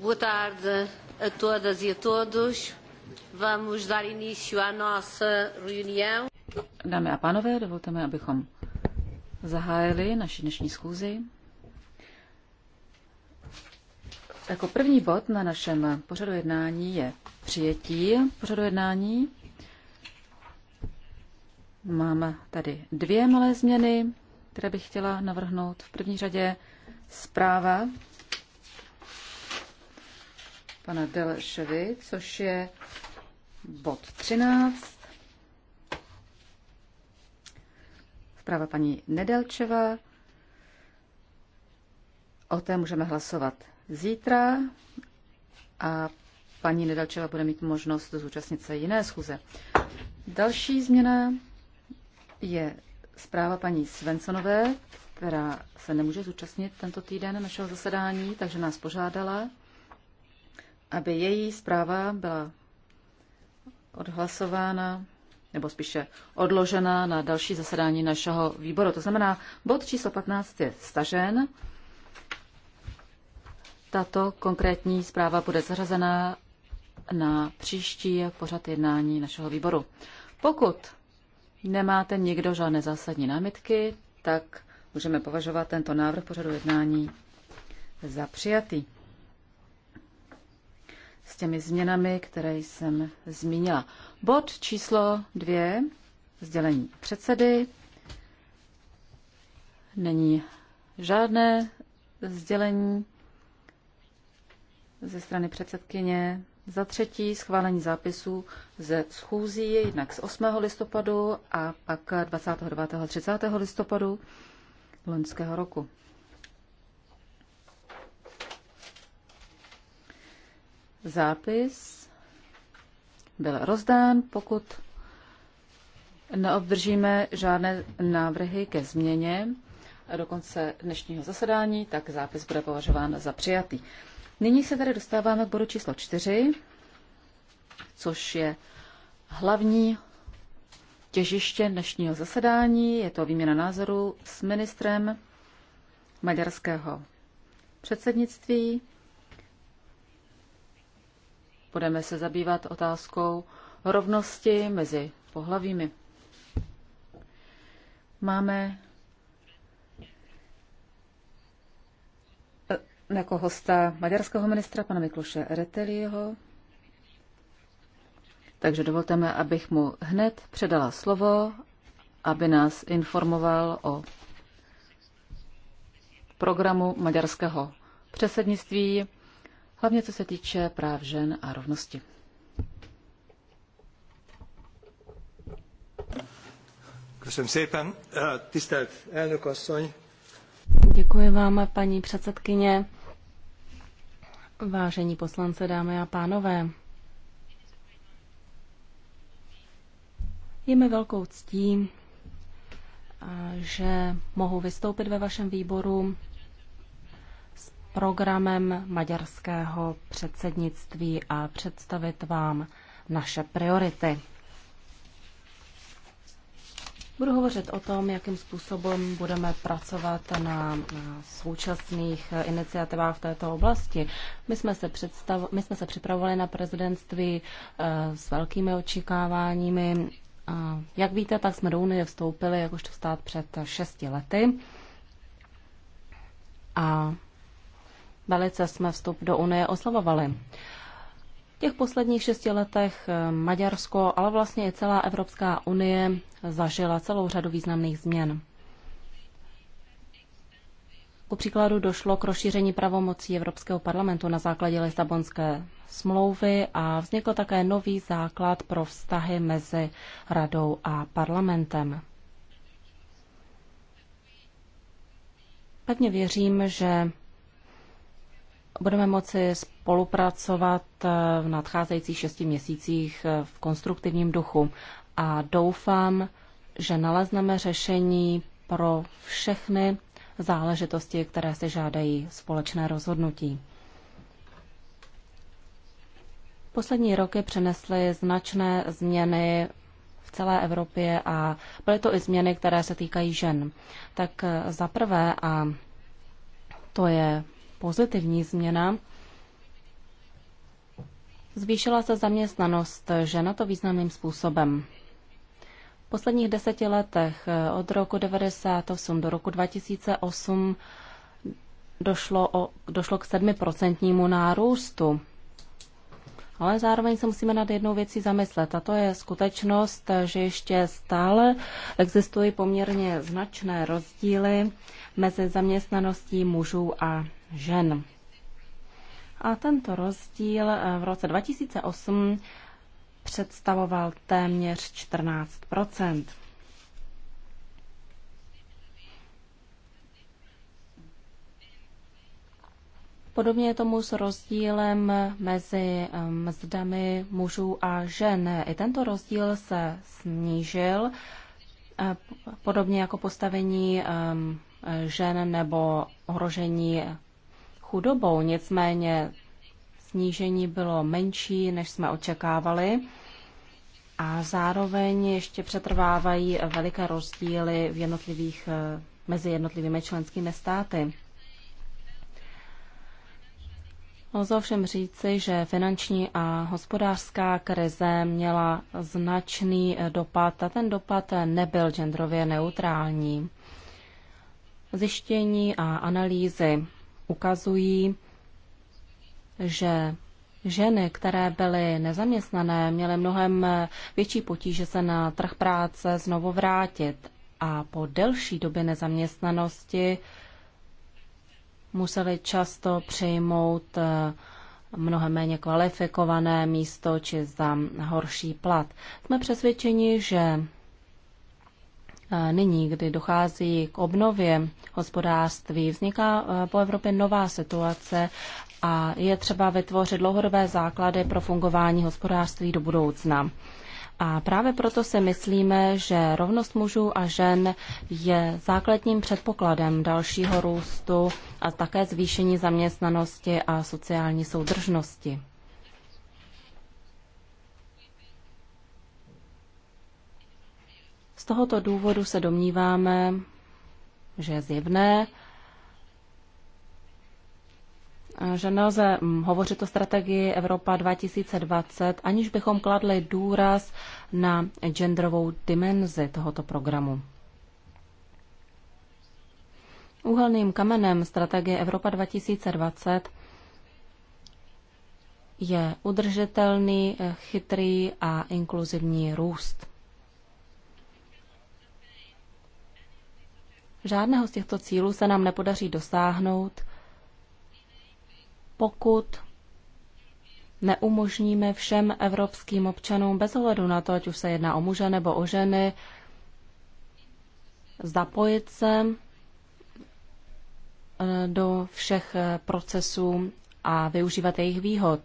Boa tarde a todas e a todos. Vamos dar início à nossa reunião. Dámy a pánové, dovolte mi, abychom zahájili naši dnešní schůzi. Jako první bod na našem pořadu jednání je přijetí pořadu jednání. Mám tady dvě malé změny, které bych chtěla navrhnout. V první řadě zpráva pana Delševy, což je bod 13. Zpráva paní Nedelčeva. O té můžeme hlasovat zítra a paní Nedelčeva bude mít možnost zúčastnit se jiné schůze. Další změna je zpráva paní Svensonové, která se nemůže zúčastnit tento týden našeho zasedání, takže nás požádala, aby její zpráva byla odhlasována nebo spíše odložena na další zasedání našeho výboru. To znamená, bod číslo 15 je stažen. Tato konkrétní zpráva bude zařazena na příští pořad jednání našeho výboru. Pokud nemáte nikdo žádné zásadní námitky, tak můžeme považovat tento návrh pořadu jednání za přijatý s těmi změnami, které jsem zmínila. Bod číslo dvě, sdělení předsedy. Není žádné sdělení ze strany předsedkyně. Za třetí schválení zápisů ze schůzí, jednak z 8. listopadu a pak 29. a 30. listopadu loňského roku. Zápis byl rozdán, pokud neobdržíme žádné návrhy ke změně do konce dnešního zasedání, tak zápis bude považován za přijatý. Nyní se tady dostáváme k bodu číslo 4, což je hlavní těžiště dnešního zasedání. Je to výměna názorů s ministrem maďarského předsednictví Budeme se zabývat otázkou rovnosti mezi pohlavími. Máme eh, jako hosta maďarského ministra, pana Mikloše Reteliho. Takže dovolte mi, abych mu hned předala slovo, aby nás informoval o programu maďarského předsednictví hlavně co se týče práv žen a rovnosti. Eh, Děkuji vám, paní předsedkyně. Vážení poslance, dámy a pánové. Je mi velkou ctí, eh, že mohu vystoupit ve vašem výboru programem maďarského předsednictví a představit vám naše priority. Budu hovořit o tom, jakým způsobem budeme pracovat na, na současných iniciativách v této oblasti. My jsme se, představ, my jsme se připravovali na prezidentství eh, s velkými očekáváními. Jak víte, tak jsme do Unie vstoupili jakožto stát před šesti lety. A velice jsme vstup do Unie oslavovali. V těch posledních šesti letech eh, Maďarsko, ale vlastně i celá Evropská unie zažila celou řadu významných změn. Ku příkladu došlo k rozšíření pravomocí Evropského parlamentu na základě Lisabonské smlouvy a vznikl také nový základ pro vztahy mezi radou a parlamentem. Pevně věřím, že budeme moci spolupracovat eh, v nadcházejících šesti měsících eh, v konstruktivním duchu a doufám, že nalezneme řešení pro všechny záležitosti, které si žádají společné rozhodnutí. Poslední roky přinesly značné změny v celé Evropě a byly to i změny, které se týkají žen. Tak eh, za prvé, a to je pozitivní změna. Zvýšila se zaměstnanost žena to významným způsobem. V posledních deseti letech eh, od roku 1998 do roku 2008 došlo, o, došlo k sedmiprocentnímu nárůstu. Ale zároveň se musíme nad jednou věcí zamyslet, a to je skutečnost, že ještě stále existují poměrně značné rozdíly mezi zaměstnaností mužů a žen. A tento rozdíl eh, v roce 2008 představoval téměř 14 Podobně je tomu s rozdílem mezi eh, mzdami mužů a žen. I tento rozdíl se snížil, eh, podobně jako postavení žen nebo ohrožení chudobou, nicméně snížení bylo menší, než jsme očekávali. A zároveň ještě přetrvávají veliké rozdíly v jednotlivých, eh, mezi jednotlivými členskými státy. Lze ovšem říci, že finanční a hospodářská krize měla značný eh, dopad a ten dopad nebyl genderově neutrální. Zjištění a analýzy ukazují, že ženy, které byly nezaměstnané, měly mnohem větší potíže se na trh práce znovu vrátit a po delší době nezaměstnanosti museli často přejmout eh, mnohem méně kvalifikované místo či za horší plat. Jsme přesvědčeni, že Nyní, kdy dochází k obnově hospodářství, vzniká e, po Evropě nová situace a je třeba vytvořit dlouhodobé základy pro fungování hospodářství do budoucna. A právě proto si myslíme, že rovnost mužů a žen je základním předpokladem dalšího růstu a také zvýšení zaměstnanosti a sociální soudržnosti. tohoto důvodu se domníváme, že je zjevné, že nelze hovořit o strategii Evropa 2020, aniž bychom kladli důraz na genderovou dimenzi tohoto programu. Úhelným kamenem strategie Evropa 2020 je udržitelný, chytrý a inkluzivní růst. Žádného z těchto cílů se nám nepodaří dosáhnout, pokud neumožníme všem evropským občanům bez ohledu na to, ať už se jedná o muže nebo o ženy, zapojit se eh, do všech eh, procesů a využívat jejich výhod.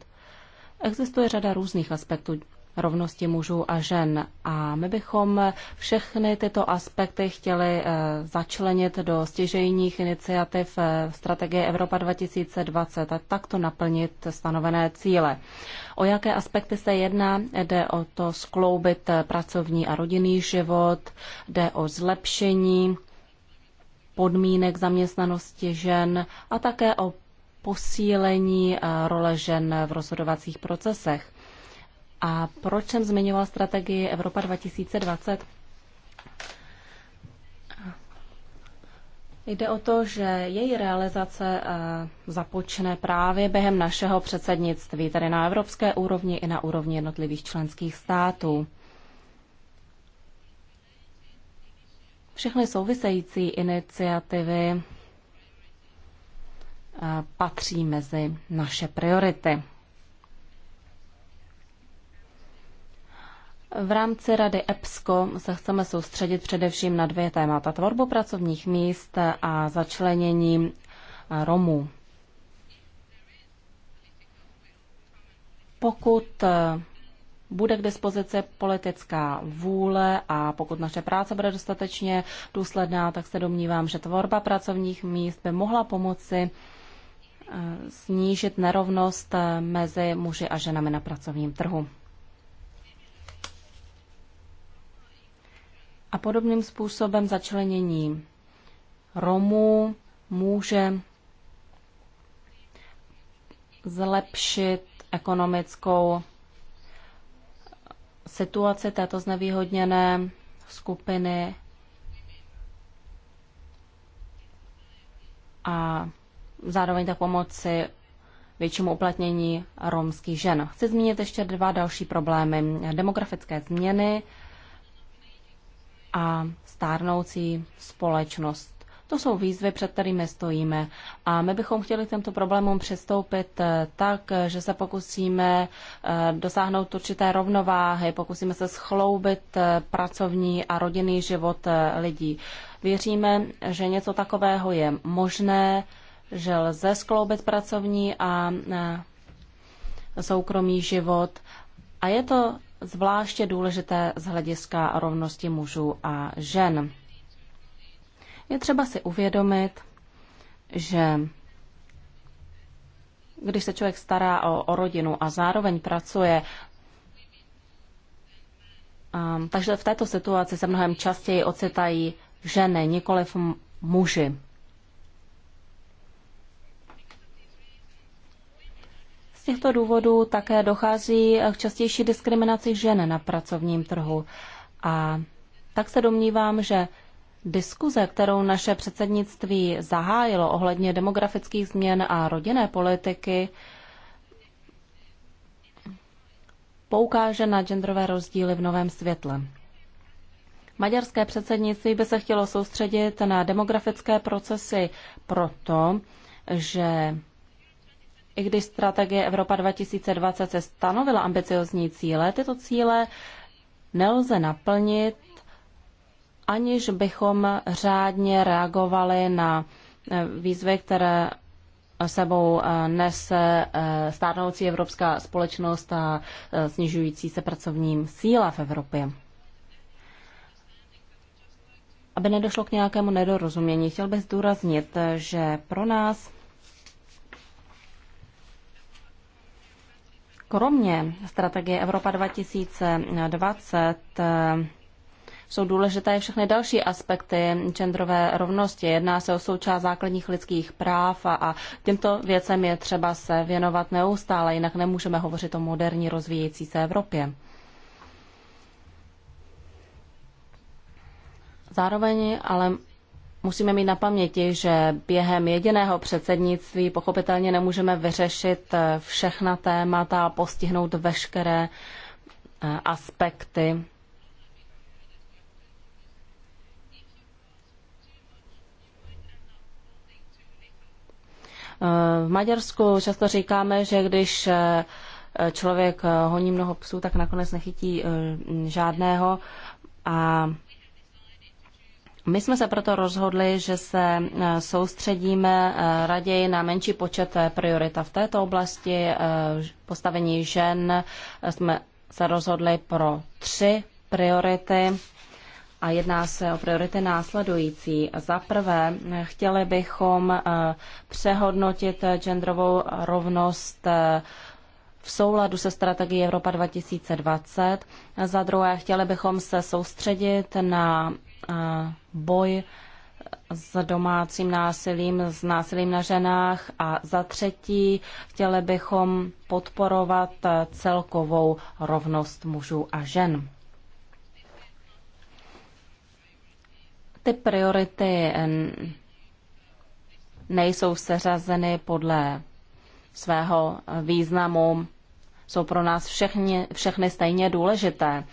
Existuje řada různých aspektů rovnosti mužů a žen. A my bychom všechny tyto aspekty chtěli eh, začlenit do stěžejních iniciativ eh, strategie Evropa 2020 a takto naplnit stanovené cíle. O jaké aspekty se jedná? Jde o to skloubit eh, pracovní a rodinný život, jde o zlepšení podmínek zaměstnanosti žen a také o posílení role žen v rozhodovacích procesech. A proč jsem zmiňoval strategii Evropa 2020? Jde o to, že její realizace eh, započne právě během našeho předsednictví, tedy na evropské úrovni i na úrovni jednotlivých členských států. Všechny související iniciativy eh, patří mezi naše priority. V rámci Rady EPSCO se chceme soustředit především na dvě témata. Tvorbu pracovních míst a začlenění eh, Romů. Pokud eh, bude k dispozici politická vůle a pokud naše práce bude dostatečně důsledná, tak se domnívám, že tvorba pracovních míst by mohla pomoci eh, snížit nerovnost mezi muži a ženami na pracovním trhu. A podobným způsobem začlenění Romů může zlepšit ekonomickou situaci této znevýhodněné skupiny a zároveň tak pomoci většímu uplatnění romských žen. Chci zmínit ještě dva další problémy. Demografické změny a stárnoucí společnost. To jsou výzvy, před kterými stojíme. A my bychom chtěli k těmto problémům přistoupit eh, tak, eh, že se pokusíme eh, dosáhnout určité rovnováhy, pokusíme se schloubit pracovní a rodinný život lidí. Věříme, že něco takového je možné, že lze skloubit pracovní a soukromý život. A je to zvláště důležité z hlediska rovnosti mužů a žen. Je třeba si uvědomit, že když se člověk stará o, o rodinu a zároveň pracuje, a, takže v této situaci se mnohem častěji ocitají ženy, nikoliv muži. Z těchto důvodů také dochází k častější diskriminaci žen na pracovním trhu. A tak se domnívám, že Diskuze, kterou naše předsednictví zahájilo ohledně demografických změn a rodinné politiky, poukáže na genderové rozdíly v novém světle. Maďarské předsednictví by se chtělo soustředit na demografické procesy proto, že i když strategie Evropa 2020 se stanovila ambiciozní cíle, tyto cíle nelze naplnit, aniž bychom řádně reagovali na eh, výzvy, které sebou eh, nese eh, stárnoucí evropská společnost a snižující se pracovní síla v Evropě. Aby nedošlo k nějakému nedorozumění, chtěl bych zdůraznit, že pro nás Kromě strategie Evropa 2020 eh, jsou důležité všechny další aspekty genderové rovnosti. Jedná se o součást základních lidských práv a, a těmto věcem je třeba se věnovat neustále, jinak nemůžeme hovořit o moderní rozvíjející se Evropě. Zároveň ale musíme mít na paměti, že během jediného předsednictví pochopitelně nemůžeme vyřešit eh, všechna témata a postihnout veškeré eh, aspekty. Eh, v Maďarsku často říkáme, že když člověk honí mnoho psů, tak nakonec nechytí žádného. A my jsme se proto rozhodli, že se e, soustředíme e, raději na menší počet e, priorita v této oblasti. Postavení žen jsme se rozhodli pro tři priority a jedná se o priority následující. Za prvé, chtěli bychom přehodnotit genderovou rovnost v souladu se strategií Evropa 2020. Za druhé, chtěli bychom se soustředit na boj s domácím násilím, s násilím na ženách a za třetí chtěli bychom podporovat celkovou rovnost mužů a žen. Ty priority nejsou seřazeny podle svého významu, jsou pro nás všechny, všechny stejně důležité.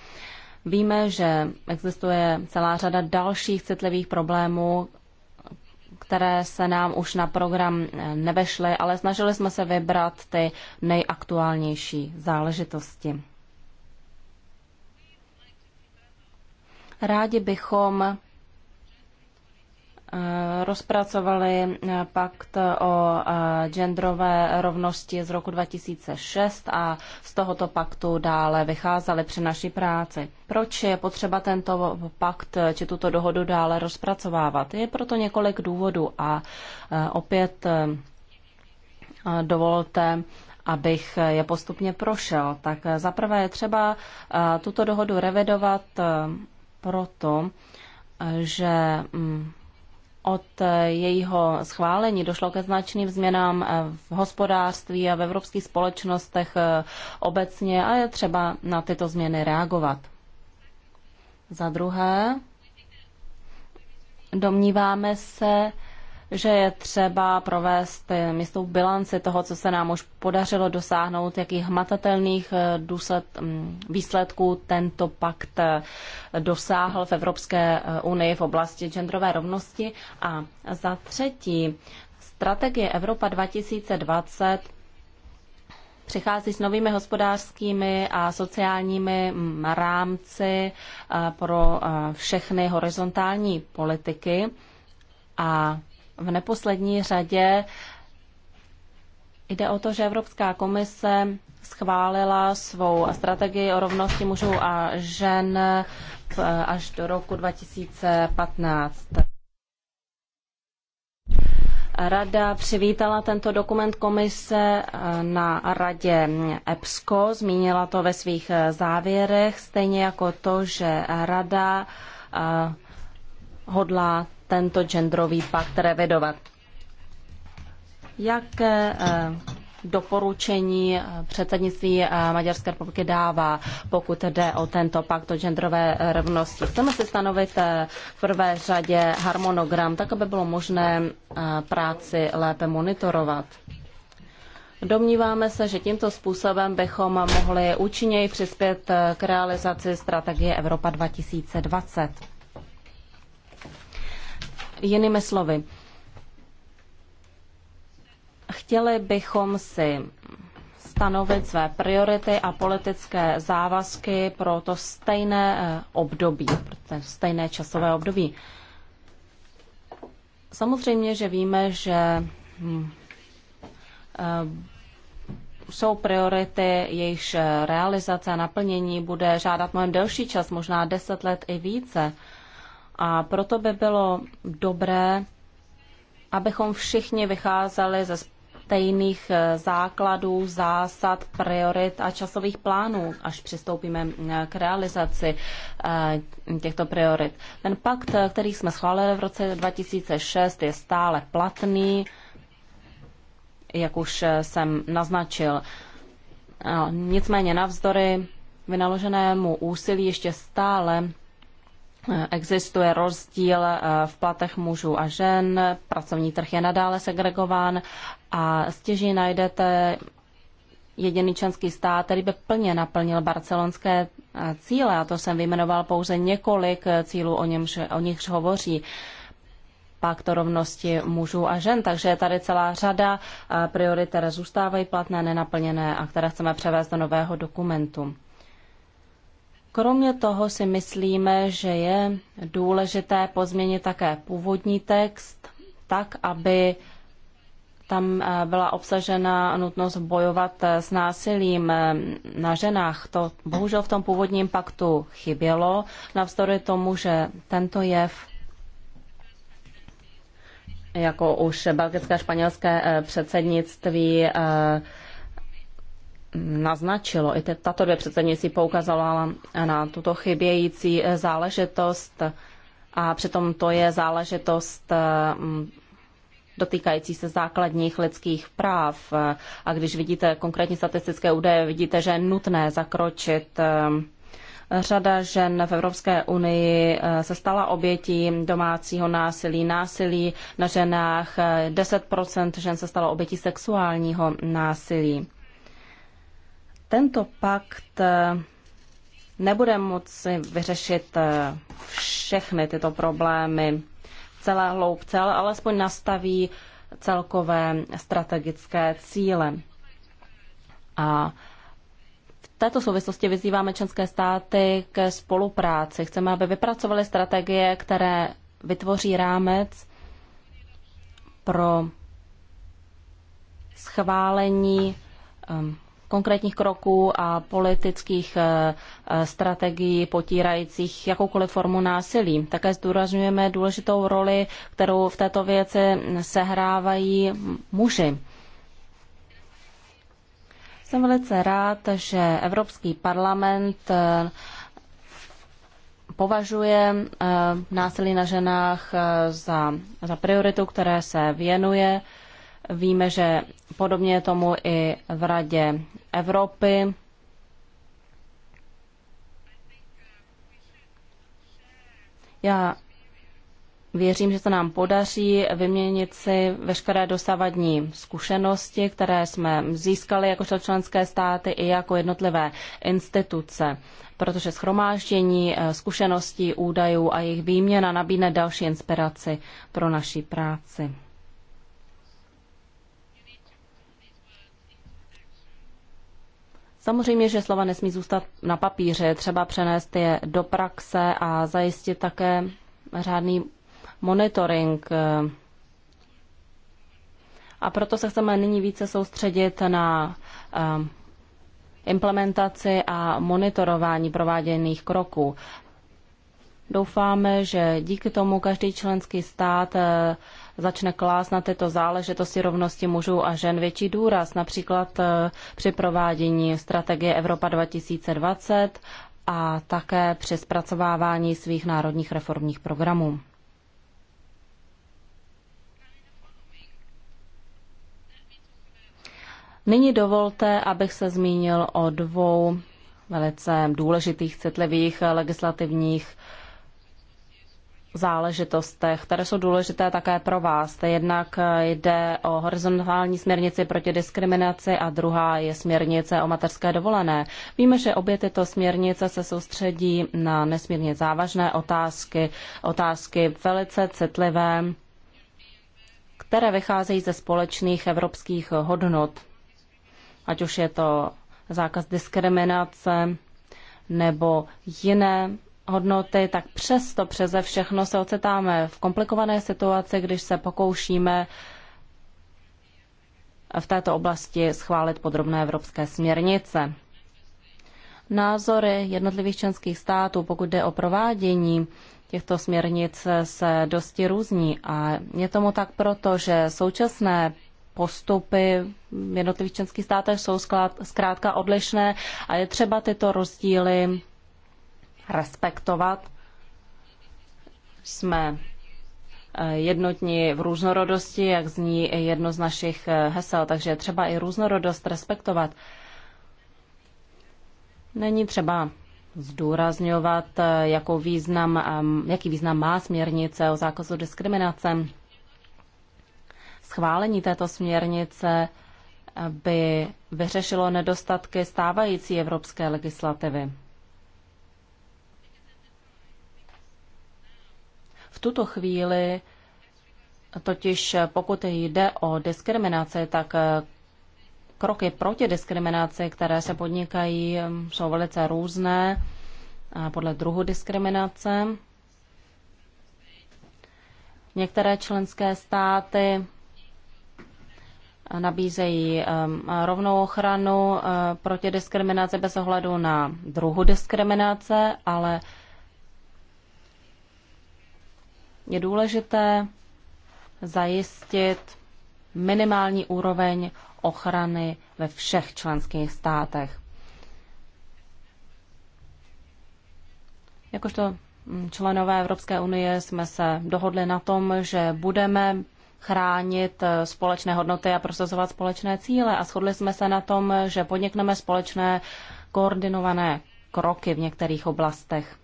Víme, že existuje celá řada dalších citlivých problémů, které se nám už na program nevešly, ale snažili jsme se vybrat ty nejaktuálnější záležitosti. Rádi bychom Eh, rozpracovali eh, pakt o eh, genderové rovnosti z roku 2006 a z tohoto paktu dále vycházeli při naší práci. Proč je potřeba tento pakt či tuto dohodu dále rozpracovávat? Je proto několik důvodů a opět dovolte abych je postupně prošel. Tak zaprvé je třeba tuto dohodu revidovat proto, že mm, od eh, jejího schválení došlo ke značným změnám eh, v hospodářství a v evropských společnostech eh, obecně a je třeba na tyto změny reagovat. Za druhé, domníváme se, že je třeba provést jistou bilanci toho, co se nám už podařilo dosáhnout, jakých hmatatelných eh, důsled, mm, výsledků tento pakt eh, dosáhl v Evropské eh, unii v oblasti genderové rovnosti. A za třetí, strategie Evropa 2020 přichází s novými hospodářskými a sociálními mm, rámci pro všechny horizontální politiky a v neposlední řadě jde o to, že Evropská komise schválila svou strategii o rovnosti mužů a žen až do roku 2015. Rada přivítala tento dokument komise na radě EPSCO, zmínila to ve svých závěrech, stejně jako to, že rada eh, hodlá tento genderový pakt revidovat. Jaké eh, doporučení eh, předsednictví eh, Maďarské republiky dává, pokud jde o tento pakt o genderové rovnosti. Chceme si stanovit v prvé řadě harmonogram, tak aby bylo možné práci lépe monitorovat. Domníváme se, že tímto způsobem bychom mohli účinněji přispět k realizaci strategie Evropa 2020. Jinými slovy, chtěli bychom si stanovit své priority a politické závazky pro to stejné eh, období, pro to stejné časové období. Samozřejmě, že víme, že hm, eh, jsou priority, jejichž realizace a naplnění bude žádat mnohem delší čas, možná deset let i více. A proto by bylo dobré, abychom všichni vycházeli ze stejných eh, základů, zásad, priorit a časových plánů, až přistoupíme eh, k realizaci eh, těchto priorit. Ten pakt, který jsme schválili v roce 2006, je stále platný, jak už jsem naznačil. Nicméně navzdory vynaloženému úsilí ještě stále Existuje rozdíl eh, v platech mužů a žen, pracovní trh je nadále segregován a stěží najdete jediný členský stát, který by plně naplnil barcelonské eh, cíle. A to jsem vyjmenoval pouze několik eh, cílů, o, němž, o nichž hovoří pak to rovnosti mužů a žen. Takže je tady celá řada priorit, které zůstávají platné, nenaplněné a které chceme převést do nového dokumentu. Kromě toho si myslíme, že je důležité pozměnit také původní text tak, aby tam eh, byla obsažena nutnost bojovat eh, s násilím eh, na ženách. To bohužel v tom původním paktu chybělo, navzdory tomu, že tento jev jako už belgické a španělské předsednictví naznačilo. I tato dvě předsednictví poukazala na tuto chybějící eh, záležitost a přitom to je záležitost eh, dotýkající se základních lidských práv. Eh, a když vidíte konkrétní statistické údaje, vidíte, že je nutné zakročit. Řada žen v Evropské unii se stala obětí domácího násilí, násilí na ženách. 10 žen se stalo obětí sexuálního násilí. Tento pakt eh, nebude moci vyřešit eh, všechny tyto problémy celé hloubce, ale alespoň nastaví celkové strategické cíle. A v této souvislosti vyzýváme členské státy ke spolupráci. Chceme, aby vypracovaly strategie, které vytvoří rámec pro schválení ehm, konkrétních kroků a politických eh, eh, strategií potírajících jakoukoliv formu násilí. Také zdůrazňujeme důležitou roli, kterou v této věci sehrávají muži. Jsem velice rád, že Evropský parlament eh, považuje násilí na ženách za, za prioritu, které se věnuje Víme, že podobně je tomu i v Radě Evropy. Já Věřím, že se nám podaří vyměnit si veškeré dosavadní zkušenosti, které jsme získali jako členské státy i jako jednotlivé instituce, protože schromáždění eh, zkušeností, údajů a jejich výměna nabídne další inspiraci pro naší práci. Samozřejmě, že slova nesmí zůstat na papíře, třeba přenést je do praxe a zajistit také řádný monitoring. A proto se chceme nyní více soustředit na ehm, implementaci a monitorování prováděných kroků. Doufáme, že díky tomu každý členský stát začne klást na tyto záležitosti rovnosti mužů a žen větší důraz, například eh, při provádění strategie Evropa 2020 a také při zpracovávání svých národních reformních programů. Nyní dovolte, abych se zmínil o dvou velice důležitých, citlivých legislativních záležitostech, které jsou důležité také pro vás. Jednak jde o horizontální směrnici proti diskriminaci a druhá je směrnice o materské dovolené. Víme, že obě tyto směrnice se soustředí na nesmírně závažné otázky, otázky velice citlivé, které vycházejí ze společných evropských hodnot, ať už je to zákaz diskriminace nebo jiné hodnoty, tak přesto přeze všechno se ocitáme v komplikované situaci, když se pokoušíme v této oblasti schválit podrobné evropské směrnice. Názory jednotlivých členských států, pokud jde o provádění těchto směrnic, se dosti různí a je tomu tak proto, že současné postupy v jednotlivých členských státech jsou zkrátka odlišné a je třeba tyto rozdíly respektovat. Jsme eh, jednotní v různorodosti, jak zní jedno z našich eh, hesel, takže třeba i různorodost respektovat. Není třeba zdůrazňovat, eh, jakou význam, jaký význam má směrnice o zákazu diskriminace. Schválení této směrnice by vyřešilo nedostatky stávající evropské legislativy. V tuto chvíli totiž pokud jde o diskriminaci, tak kroky proti diskriminaci, které se podnikají, jsou velice různé podle druhu diskriminace. Některé členské státy nabízejí um, rovnou ochranu uh, proti diskriminaci bez ohledu na druhu diskriminace, ale je důležité zajistit minimální úroveň ochrany ve všech členských státech. Jakožto členové Evropské unie jsme se dohodli na tom, že budeme chránit společné hodnoty a prosazovat společné cíle a shodli jsme se na tom, že podnikneme společné koordinované kroky v některých oblastech.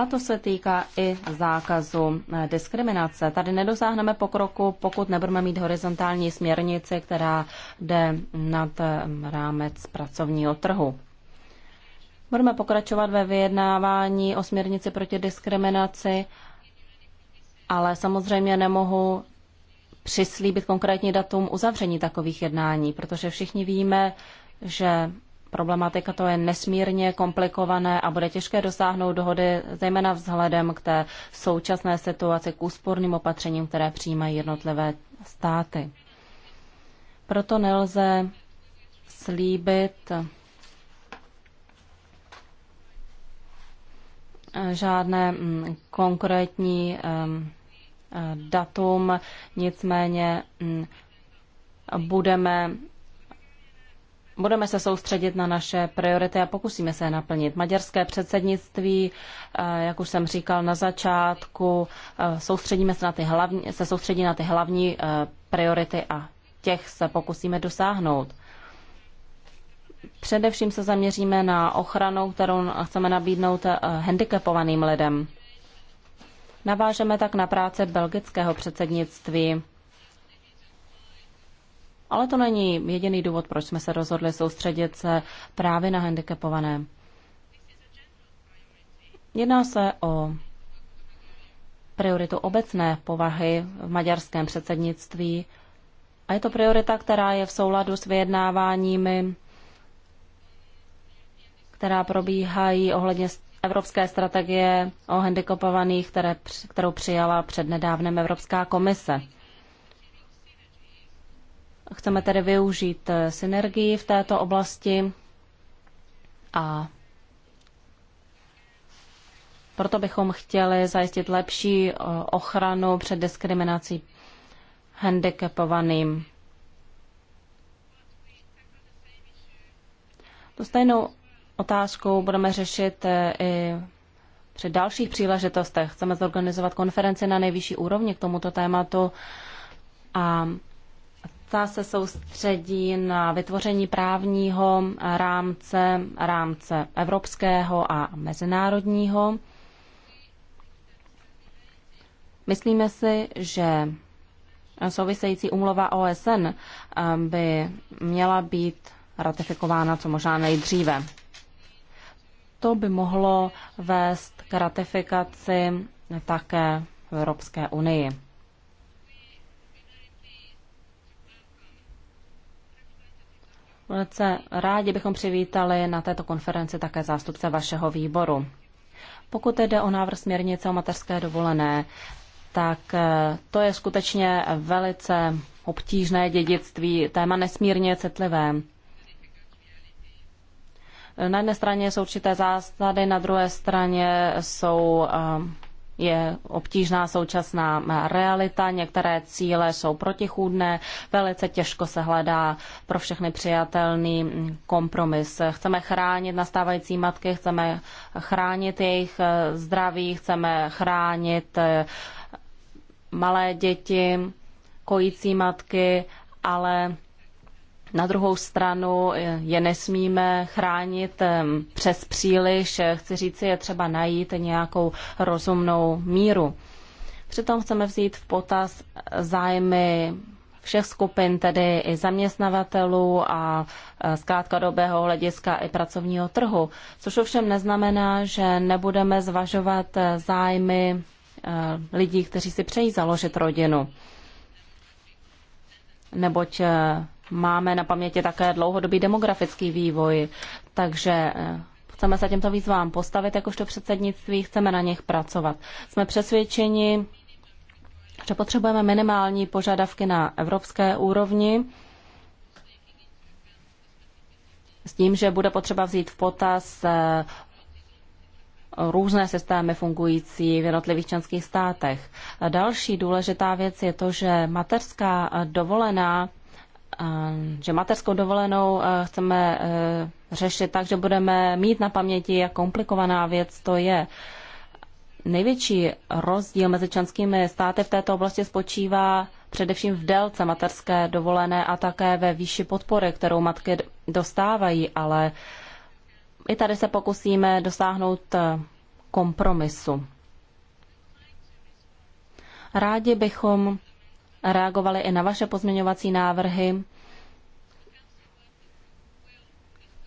A to se týká i zákazu eh, diskriminace. Tady nedosáhneme pokroku, pokud nebudeme mít horizontální směrnici, která jde nad eh, rámec pracovního trhu. Budeme pokračovat ve vyjednávání o směrnici proti diskriminaci, ale samozřejmě nemohu přislíbit konkrétní datum uzavření takových jednání, protože všichni víme, že problematika to je nesmírně komplikované a bude těžké dosáhnout dohody, zejména vzhledem k té současné situaci, k úsporným opatřením, které přijímají jednotlivé státy. Proto nelze slíbit žádné mm, konkrétní mm, eh, datum, nicméně mm, budeme Budeme se soustředit na naše priority a pokusíme se je naplnit. Maďarské předsednictví, eh, jak už jsem říkal na začátku, eh, soustředíme se, na ty hlavní, se soustředí na ty hlavní eh, priority a těch se pokusíme dosáhnout. Především se zaměříme na ochranu, kterou chceme nabídnout handicapovaným lidem. Navážeme tak na práce belgického předsednictví. Ale to není jediný důvod, proč jsme se rozhodli soustředit se právě na handicapované. Jedná se o prioritu obecné povahy v maďarském předsednictví a je to priorita, která je v souladu s vyjednáváními, která probíhají ohledně Evropské strategie o handicapovaných, kterou přijala přednedávnem Evropská komise. Chceme tedy využít eh, synergii v této oblasti a proto bychom chtěli zajistit lepší eh, ochranu před diskriminací handicapovaným. Tu stejnou otázku budeme řešit eh, i při dalších příležitostech. Chceme zorganizovat konferenci na nejvyšší úrovni k tomuto tématu a ta se soustředí na vytvoření právního rámce, rámce evropského a mezinárodního. Myslíme si, že související umlova OSN eh, by měla být ratifikována co možná nejdříve. To by mohlo vést k ratifikaci také v Evropské unii. Velice rádi bychom přivítali na této konferenci také zástupce vašeho výboru. Pokud jde o návrh směrnice o mateřské dovolené, tak eh, to je skutečně velice obtížné dědictví, téma nesmírně citlivé. Na jedné straně jsou určité zásady, na druhé straně jsou eh, je obtížná současná realita, některé cíle jsou protichůdné, velice těžko se hledá pro všechny přijatelný kompromis. Chceme chránit nastávající matky, chceme chránit jejich zdraví, chceme chránit malé děti, kojící matky, ale na druhou stranu je nesmíme chránit přes příliš, chci říci, je třeba najít nějakou rozumnou míru. Přitom chceme vzít v potaz zájmy všech skupin, tedy i zaměstnavatelů a e, zkrátka dobého hlediska i pracovního trhu, což ovšem neznamená, že nebudeme zvažovat e, zájmy e, lidí, kteří si přejí založit rodinu. Neboť máme na paměti také dlouhodobý demografický vývoj, takže eh, chceme se těmto výzvám postavit jakožto předsednictví, chceme na nich pracovat. Jsme přesvědčeni, že potřebujeme minimální požadavky na evropské úrovni, s tím, že bude potřeba vzít v potaz eh, různé systémy fungující v jednotlivých členských státech. Další důležitá věc je to, že mateřská dovolená že materskou dovolenou eh, chceme eh, řešit tak, že budeme mít na paměti, jak komplikovaná věc to je. Největší rozdíl mezi členskými státy v této oblasti spočívá především v délce materské dovolené a také ve výši podpory, kterou matky dostávají, ale i tady se pokusíme dosáhnout eh, kompromisu. Rádi bychom reagovali i na vaše pozměňovací návrhy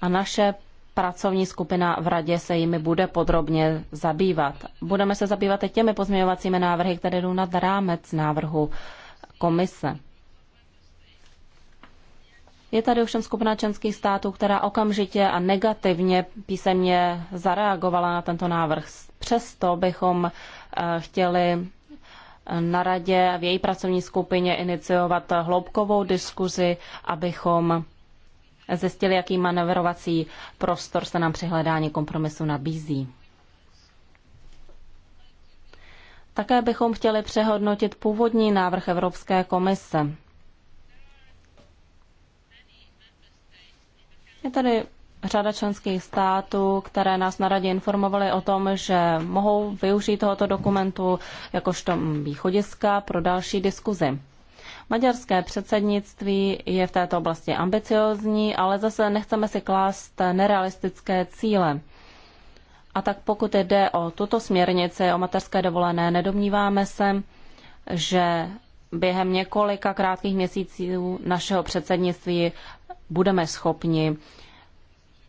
a naše pracovní skupina v radě se jimi bude podrobně zabývat. Budeme se zabývat i těmi pozměňovacími návrhy, které jdou nad rámec návrhu komise. Je tady ovšem skupina členských států, která okamžitě a negativně písemně zareagovala na tento návrh. Přesto bychom eh, chtěli na radě v její pracovní skupině iniciovat hloubkovou diskuzi, abychom zjistili, jaký manevrovací prostor se nám při hledání kompromisu nabízí. Také bychom chtěli přehodnotit původní návrh Evropské komise. Je tady řada členských států, které nás na radě informovaly o tom, že mohou využít tohoto dokumentu jakožto východiska pro další diskuzi. Maďarské předsednictví je v této oblasti ambiciozní, ale zase nechceme si klást nerealistické cíle. A tak pokud jde o tuto směrnici o mateřské dovolené, nedomníváme se, že během několika krátkých měsíců našeho předsednictví budeme schopni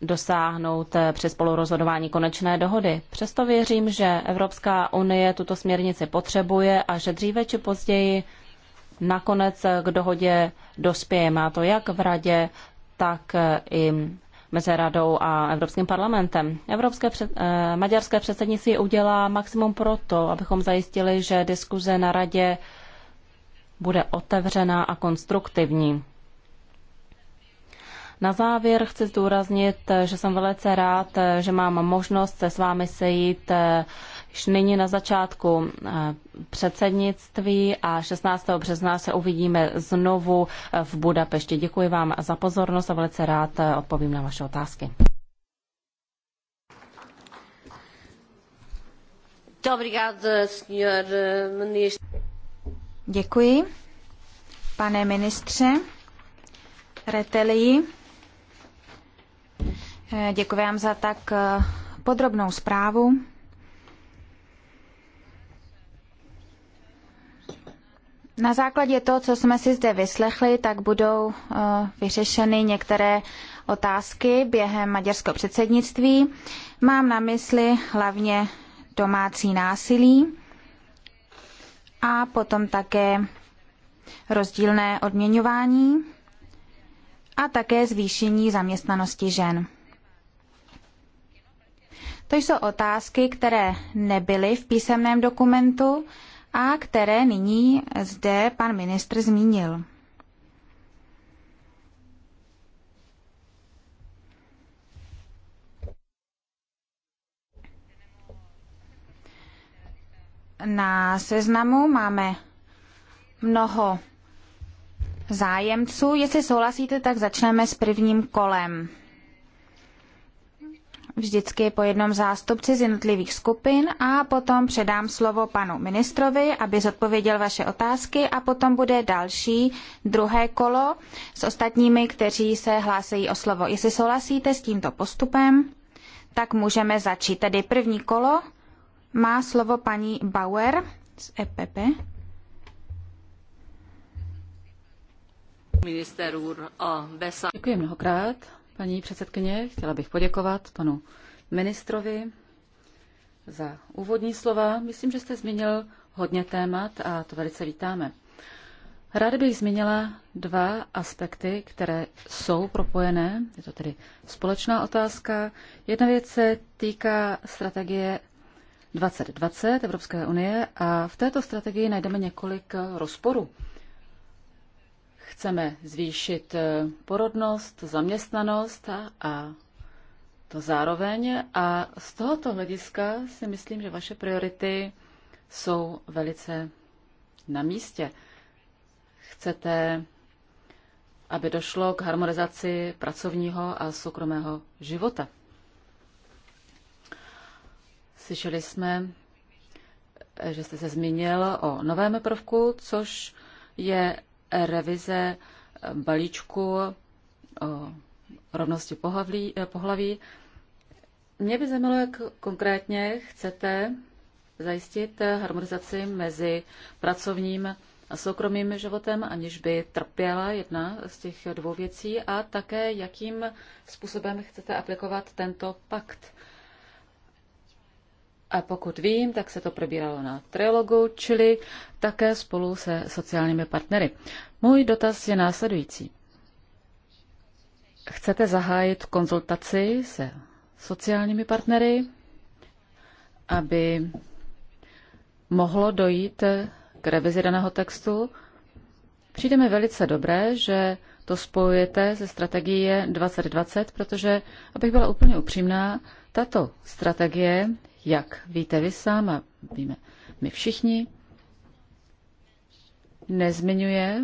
dosáhnout eh, při spolurozhodování konečné dohody. Přesto věřím, že Evropská unie tuto směrnici potřebuje a že dříve či později nakonec k dohodě dospějeme, a to jak v radě, tak eh, i mezi radou a Evropským parlamentem. Evropské před, eh, maďarské předsednictví udělá maximum proto, abychom zajistili, že diskuze na radě bude otevřená a konstruktivní. Na závěr chci zdůraznit, že jsem velice rád, že mám možnost se s vámi sejít eh, již nyní na začátku eh, předsednictví a 16. března se uvidíme znovu eh, v Budapešti. Děkuji vám za pozornost a velice rád odpovím na vaše otázky. Děkuji, pane ministře Reteli. Děkuji vám za tak eh, podrobnou zprávu. Na základě toho, co jsme si zde vyslechli, tak budou eh, vyřešeny některé otázky během maďarského předsednictví. Mám na mysli hlavně domácí násilí a potom také rozdílné odměňování a také zvýšení zaměstnanosti žen. To jsou otázky, které nebyly v písemném dokumentu a které nyní zde pan ministr zmínil. Na seznamu máme mnoho zájemců. Jestli souhlasíte, tak začneme s prvním kolem vždycky po jednom zástupci z jednotlivých skupin a potom předám slovo panu ministrovi, aby zodpověděl vaše otázky a potom bude další, druhé kolo s ostatními, kteří se hlásejí o slovo. Jestli souhlasíte s tímto postupem, tak můžeme začít. Tedy první kolo má slovo paní Bauer z EPP. Děkuji mnohokrát. Paní předsedkyně, chtěla bych poděkovat panu ministrovi za úvodní slova. Myslím, že jste zmínil hodně témat a to velice vítáme. Ráda bych zmínila dva aspekty, které jsou propojené. Je to tedy společná otázka. Jedna věc se týká strategie 2020 Evropské unie a v této strategii najdeme několik rozporů. Chceme zvýšit eh, porodnost, zaměstnanost a, a to zároveň. A z tohoto hlediska si myslím, že vaše priority jsou velice na místě. Chcete, aby došlo k harmonizaci pracovního a soukromého života. Slyšeli jsme, eh, že jste se zmínil o novém prvku, což je revize balíčku o rovnosti pohlaví. pohlaví. Mě by zajímalo, jak konkrétně chcete zajistit harmonizaci mezi pracovním a soukromým životem, aniž by trpěla jedna z těch dvou věcí a také jakým způsobem chcete aplikovat tento pakt. A pokud vím, tak se to probíralo na trilogu, čili také spolu se sociálními partnery. Můj dotaz je následující. Chcete zahájit konzultaci se sociálními partnery, aby mohlo dojít k revizi daného textu? Přijde mi velice dobré, že to spojujete se strategií 2020, protože, abych byla úplně upřímná, tato strategie jak víte vy sám a víme my všichni, nezmiňuje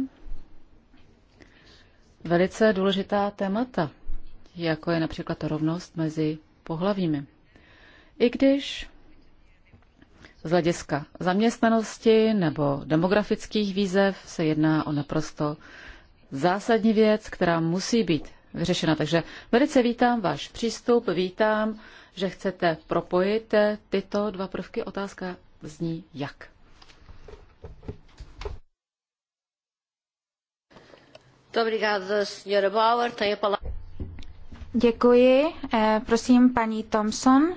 velice důležitá témata, jako je například rovnost mezi pohlavími. I když z hlediska zaměstnanosti nebo demografických výzev se jedná o naprosto zásadní věc, která musí být vyřešena. Takže velice vítám váš přístup, vítám že chcete propojit eh, tyto dva prvky. Otázka zní jak. Děkuji. Eh, prosím, paní Thompson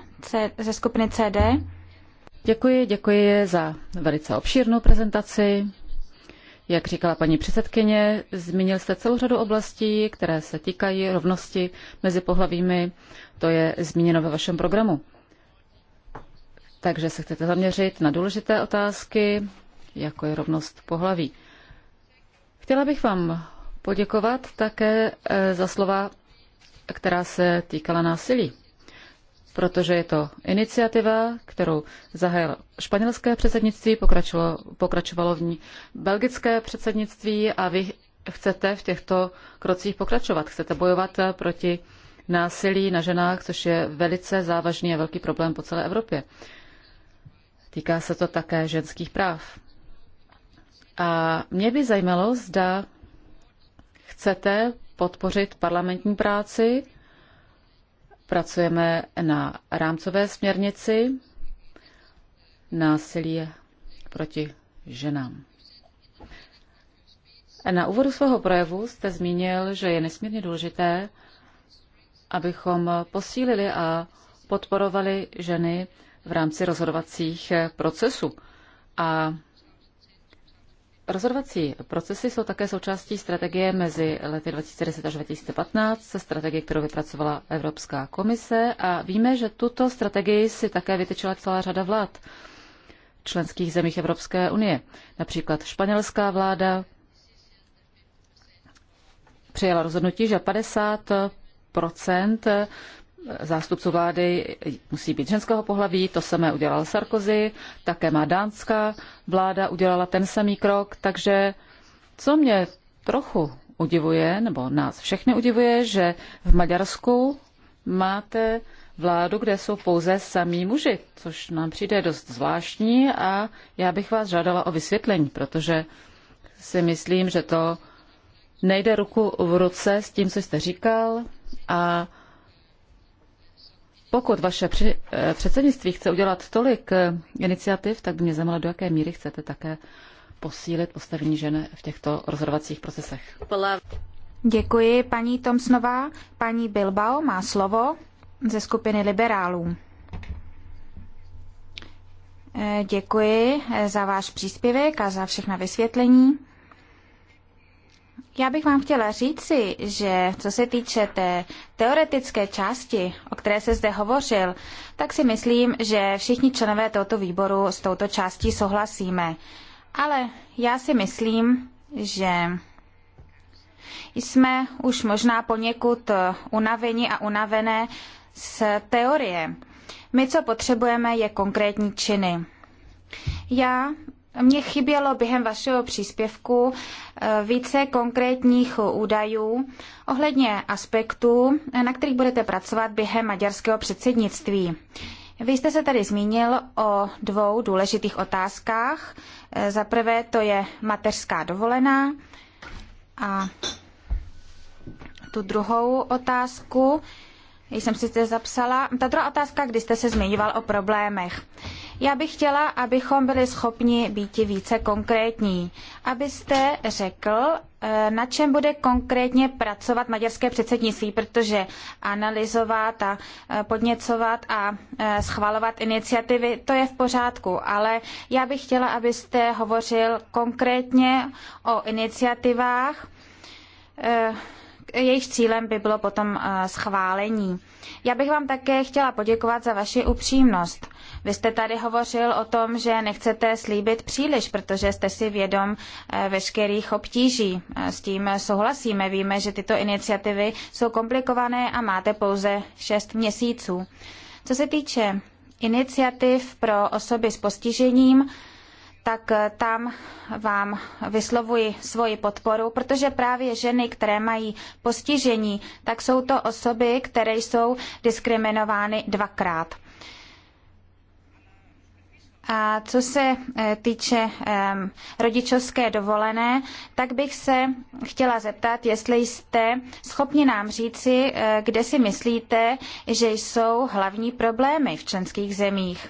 ze skupiny CD. Děkuji, děkuji za velice obšírnou prezentaci. Jak říkala paní předsedkyně, zmínil jste celou řadu oblastí, které se týkají rovnosti mezi pohlavími. To je zmíněno ve vašem programu. Takže se chcete zaměřit na důležité otázky, jako je rovnost pohlaví. Chtěla bych vám poděkovat také eh, za slova, která se týkala násilí protože je to iniciativa, kterou zahájilo španělské předsednictví, pokračovalo, pokračovalo v ní belgické předsednictví a vy chcete v těchto krocích pokračovat. Chcete bojovat proti násilí na ženách, což je velice závažný a velký problém po celé Evropě. Týká se to také ženských práv. A mě by zajímalo, zda chcete podpořit parlamentní práci Pracujeme na rámcové směrnici násilí proti ženám. Na úvodu svého projevu jste zmínil, že je nesmírně důležité, abychom posílili a podporovali ženy v rámci rozhodovacích procesů. A Rozhodovací procesy jsou také součástí strategie mezi lety 2010 až 2015, strategie, kterou vypracovala Evropská komise a víme, že tuto strategii si také vytyčila celá řada vlád členských zemích Evropské unie. Například španělská vláda přijala rozhodnutí, že 50 zástupců vlády musí být ženského pohlaví, to samé udělal Sarkozy, také má dánská vláda, udělala ten samý krok, takže co mě trochu udivuje, nebo nás všechny udivuje, že v Maďarsku máte vládu, kde jsou pouze samí muži, což nám přijde dost zvláštní a já bych vás žádala o vysvětlení, protože si myslím, že to nejde ruku v ruce s tím, co jste říkal a pokud vaše při, eh, předsednictví chce udělat tolik eh, iniciativ, tak by mě zajímalo, do jaké míry chcete také posílit postavení žen v těchto rozhodovacích procesech. Děkuji, paní Tomsnová. Paní Bilbao má slovo ze skupiny liberálů. Eh, děkuji za váš příspěvek a za všechna vysvětlení. Já bych vám chtěla říci, že co se týče té teoretické části, o které se zde hovořil, tak si myslím, že všichni členové tohoto výboru s touto částí souhlasíme. Ale já si myslím, že jsme už možná poněkud unaveni a unavené z teorie. My, co potřebujeme, je konkrétní činy. Já mně chybělo během vašeho příspěvku eh, více konkrétních údajů ohledně aspektů, na kterých budete pracovat během maďarského předsednictví. Vy jste se tady zmínil o dvou důležitých otázkách. Eh, za prvé to je mateřská dovolená a tu druhou otázku jsem si zde zapsala. Ta druhá otázka, kdy jste se zmiňoval o problémech. Já bych chtěla, abychom byli schopni být více konkrétní. Abyste řekl, eh, na čem bude konkrétně pracovat maďarské předsednictví, protože analyzovat a eh, podněcovat a eh, schvalovat iniciativy, to je v pořádku, ale já bych chtěla, abyste hovořil konkrétně o iniciativách, jejich cílem by bylo potom schválení. Já bych vám také chtěla poděkovat za vaši upřímnost. Vy jste tady hovořil o tom, že nechcete slíbit příliš, protože jste si vědom eh, veškerých obtíží. Eh, s tím souhlasíme. Víme, že tyto iniciativy jsou komplikované a máte pouze šest měsíců. Co se týče iniciativ pro osoby s postižením, tak eh, tam vám vyslovuji svoji podporu, protože právě ženy, které mají postižení, tak jsou to osoby, které jsou diskriminovány dvakrát. A co se eh, týče um, rodičovské dovolené, tak bych se chtěla zeptat, jestli jste schopni nám říci, eh, kde si myslíte, že jsou hlavní problémy v členských zemích.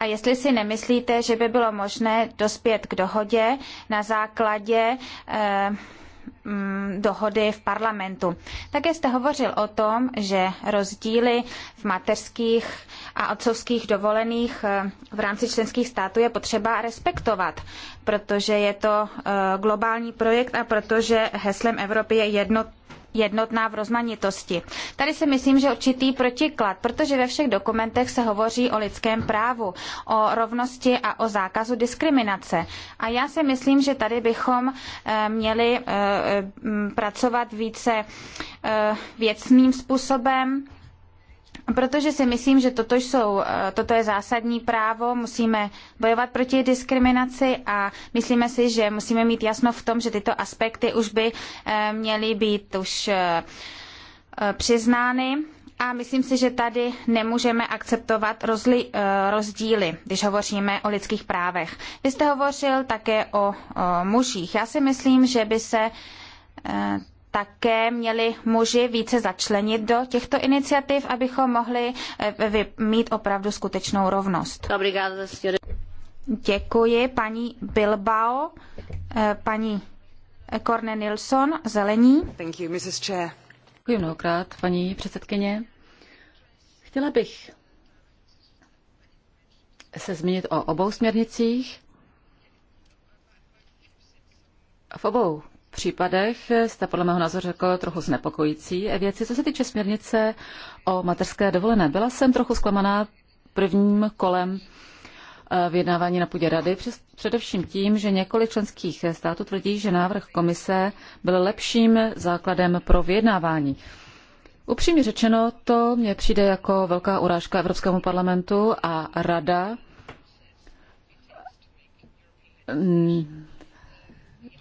A jestli si nemyslíte, že by bylo možné dospět k dohodě na základě eh, Mm, dohody v parlamentu. Také jste hovořil o tom, že rozdíly v mateřských a otcovských dovolených eh, v rámci členských států je potřeba respektovat, protože je to eh, globální projekt a protože heslem Evropy je jednotný jednotná v rozmanitosti. Tady si myslím, že určitý protiklad, protože ve všech dokumentech se hovoří o lidském právu, o rovnosti a o zákazu diskriminace. A já si myslím, že tady bychom eh, měli eh, pracovat více eh, věcným způsobem, Protože si myslím, že toto, jsou, eh, toto je zásadní právo, musíme bojovat proti diskriminaci a myslíme si, že musíme mít jasno v tom, že tyto aspekty už by eh, měly být už eh, přiznány a myslím si, že tady nemůžeme akceptovat rozli, rozdíly, když hovoříme o lidských právech. Vy jste hovořil také o, o mužích. Já si myslím, že by se také měli muži více začlenit do těchto iniciativ, abychom mohli eh, mít opravdu skutečnou rovnost. Děkuji paní Bilbao, eh, paní Korne Nilsson, zelení. Thank you, Mrs. Chair. Děkuji mnohokrát, paní předsedkyně. Chtěla bych se zmínit o obou směrnicích. V obou případech jste podle mého názoru řekl trochu znepokojící věci. Co se týče směrnice o mateřské dovolené, byla jsem trochu zklamaná prvním kolem eh, vyjednávání na půdě rady, především tím, že několik členských států tvrdí, že návrh komise byl lepším základem pro vyjednávání. Upřímně řečeno, to mně přijde jako velká urážka Evropskému parlamentu a rada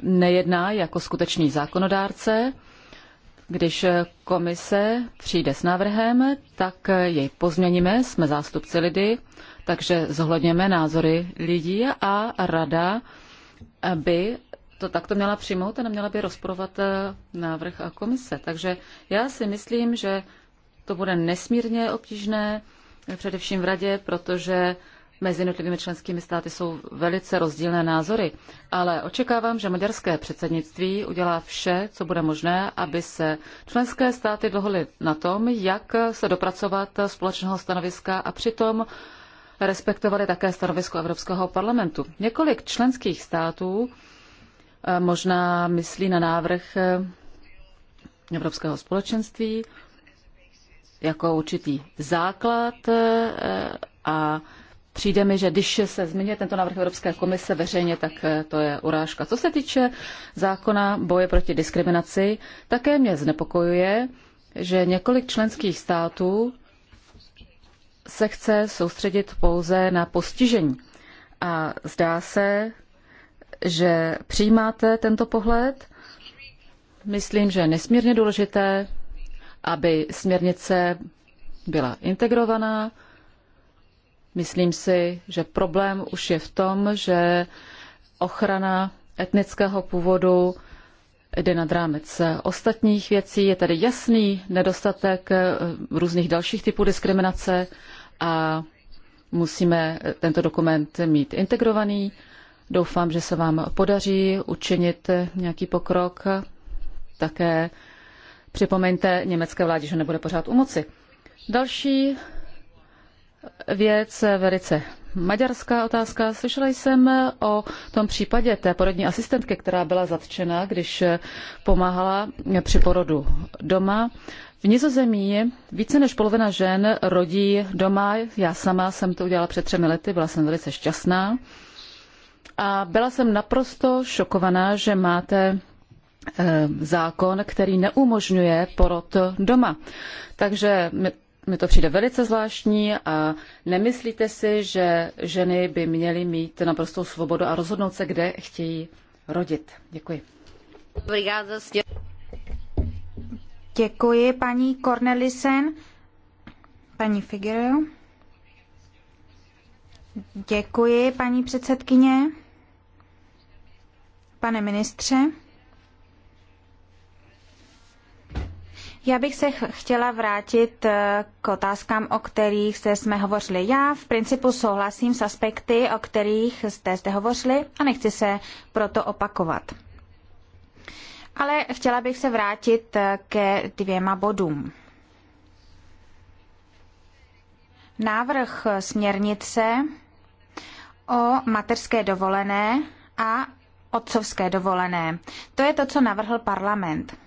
nejedná jako skutečný zákonodárce. Když komise přijde s návrhem, tak jej pozměníme, jsme zástupci lidi, takže zohledněme názory lidí a rada by to takto měla přijmout a neměla by rozporovat eh, návrh a komise. Takže já si myslím, že to bude nesmírně obtížné, především v radě, protože mezi jednotlivými členskými státy jsou velice rozdílné názory, ale očekávám, že maďarské předsednictví udělá vše, co bude možné, aby se členské státy dohodly na tom, jak se dopracovat společného stanoviska a přitom respektovali také stanovisko Evropského parlamentu. Několik členských států eh, možná myslí na návrh eh, Evropského společenství jako určitý základ eh, a Přijde mi, že když se zmiňuje tento návrh Evropské komise veřejně, tak eh, to je urážka. Co se týče zákona boje proti diskriminaci, také mě znepokojuje, že několik členských států se chce soustředit pouze na postižení. A zdá se, že přijímáte tento pohled. Myslím, že je nesmírně důležité, aby směrnice byla integrovaná, Myslím si, že problém už je v tom, že ochrana etnického původu jde nad rámec ostatních věcí. Je tady jasný nedostatek eh, různých dalších typů diskriminace a musíme tento dokument mít integrovaný. Doufám, že se vám podaří učinit nějaký pokrok. Také připomeňte německé vládě, že nebude pořád u moci. Další věc, eh, velice maďarská otázka. Slyšela jsem eh, o tom případě té porodní asistentky, která byla zatčena, když eh, pomáhala při porodu doma. V Nizozemí více než polovina žen rodí doma. Já sama jsem to udělala před třemi lety, byla jsem velice šťastná. A byla jsem naprosto šokovaná, že máte zákon, který neumožňuje porod doma. Takže mi to přijde velice zvláštní a nemyslíte si, že ženy by měly mít naprostou svobodu a rozhodnout se, kde chtějí rodit? Děkuji. Děkuji paní Cornelisen, paní Figueroa. Děkuji paní předsedkyně, pane ministře. Já bych se chtěla vrátit eh, k otázkám, o kterých jste jsme hovořili. Já v principu souhlasím s aspekty, o kterých jste zde hovořili a nechci se proto opakovat. Ale chtěla bych se vrátit eh, ke dvěma bodům. Návrh směrnice o mateřské dovolené a otcovské dovolené. To je to, co navrhl parlament.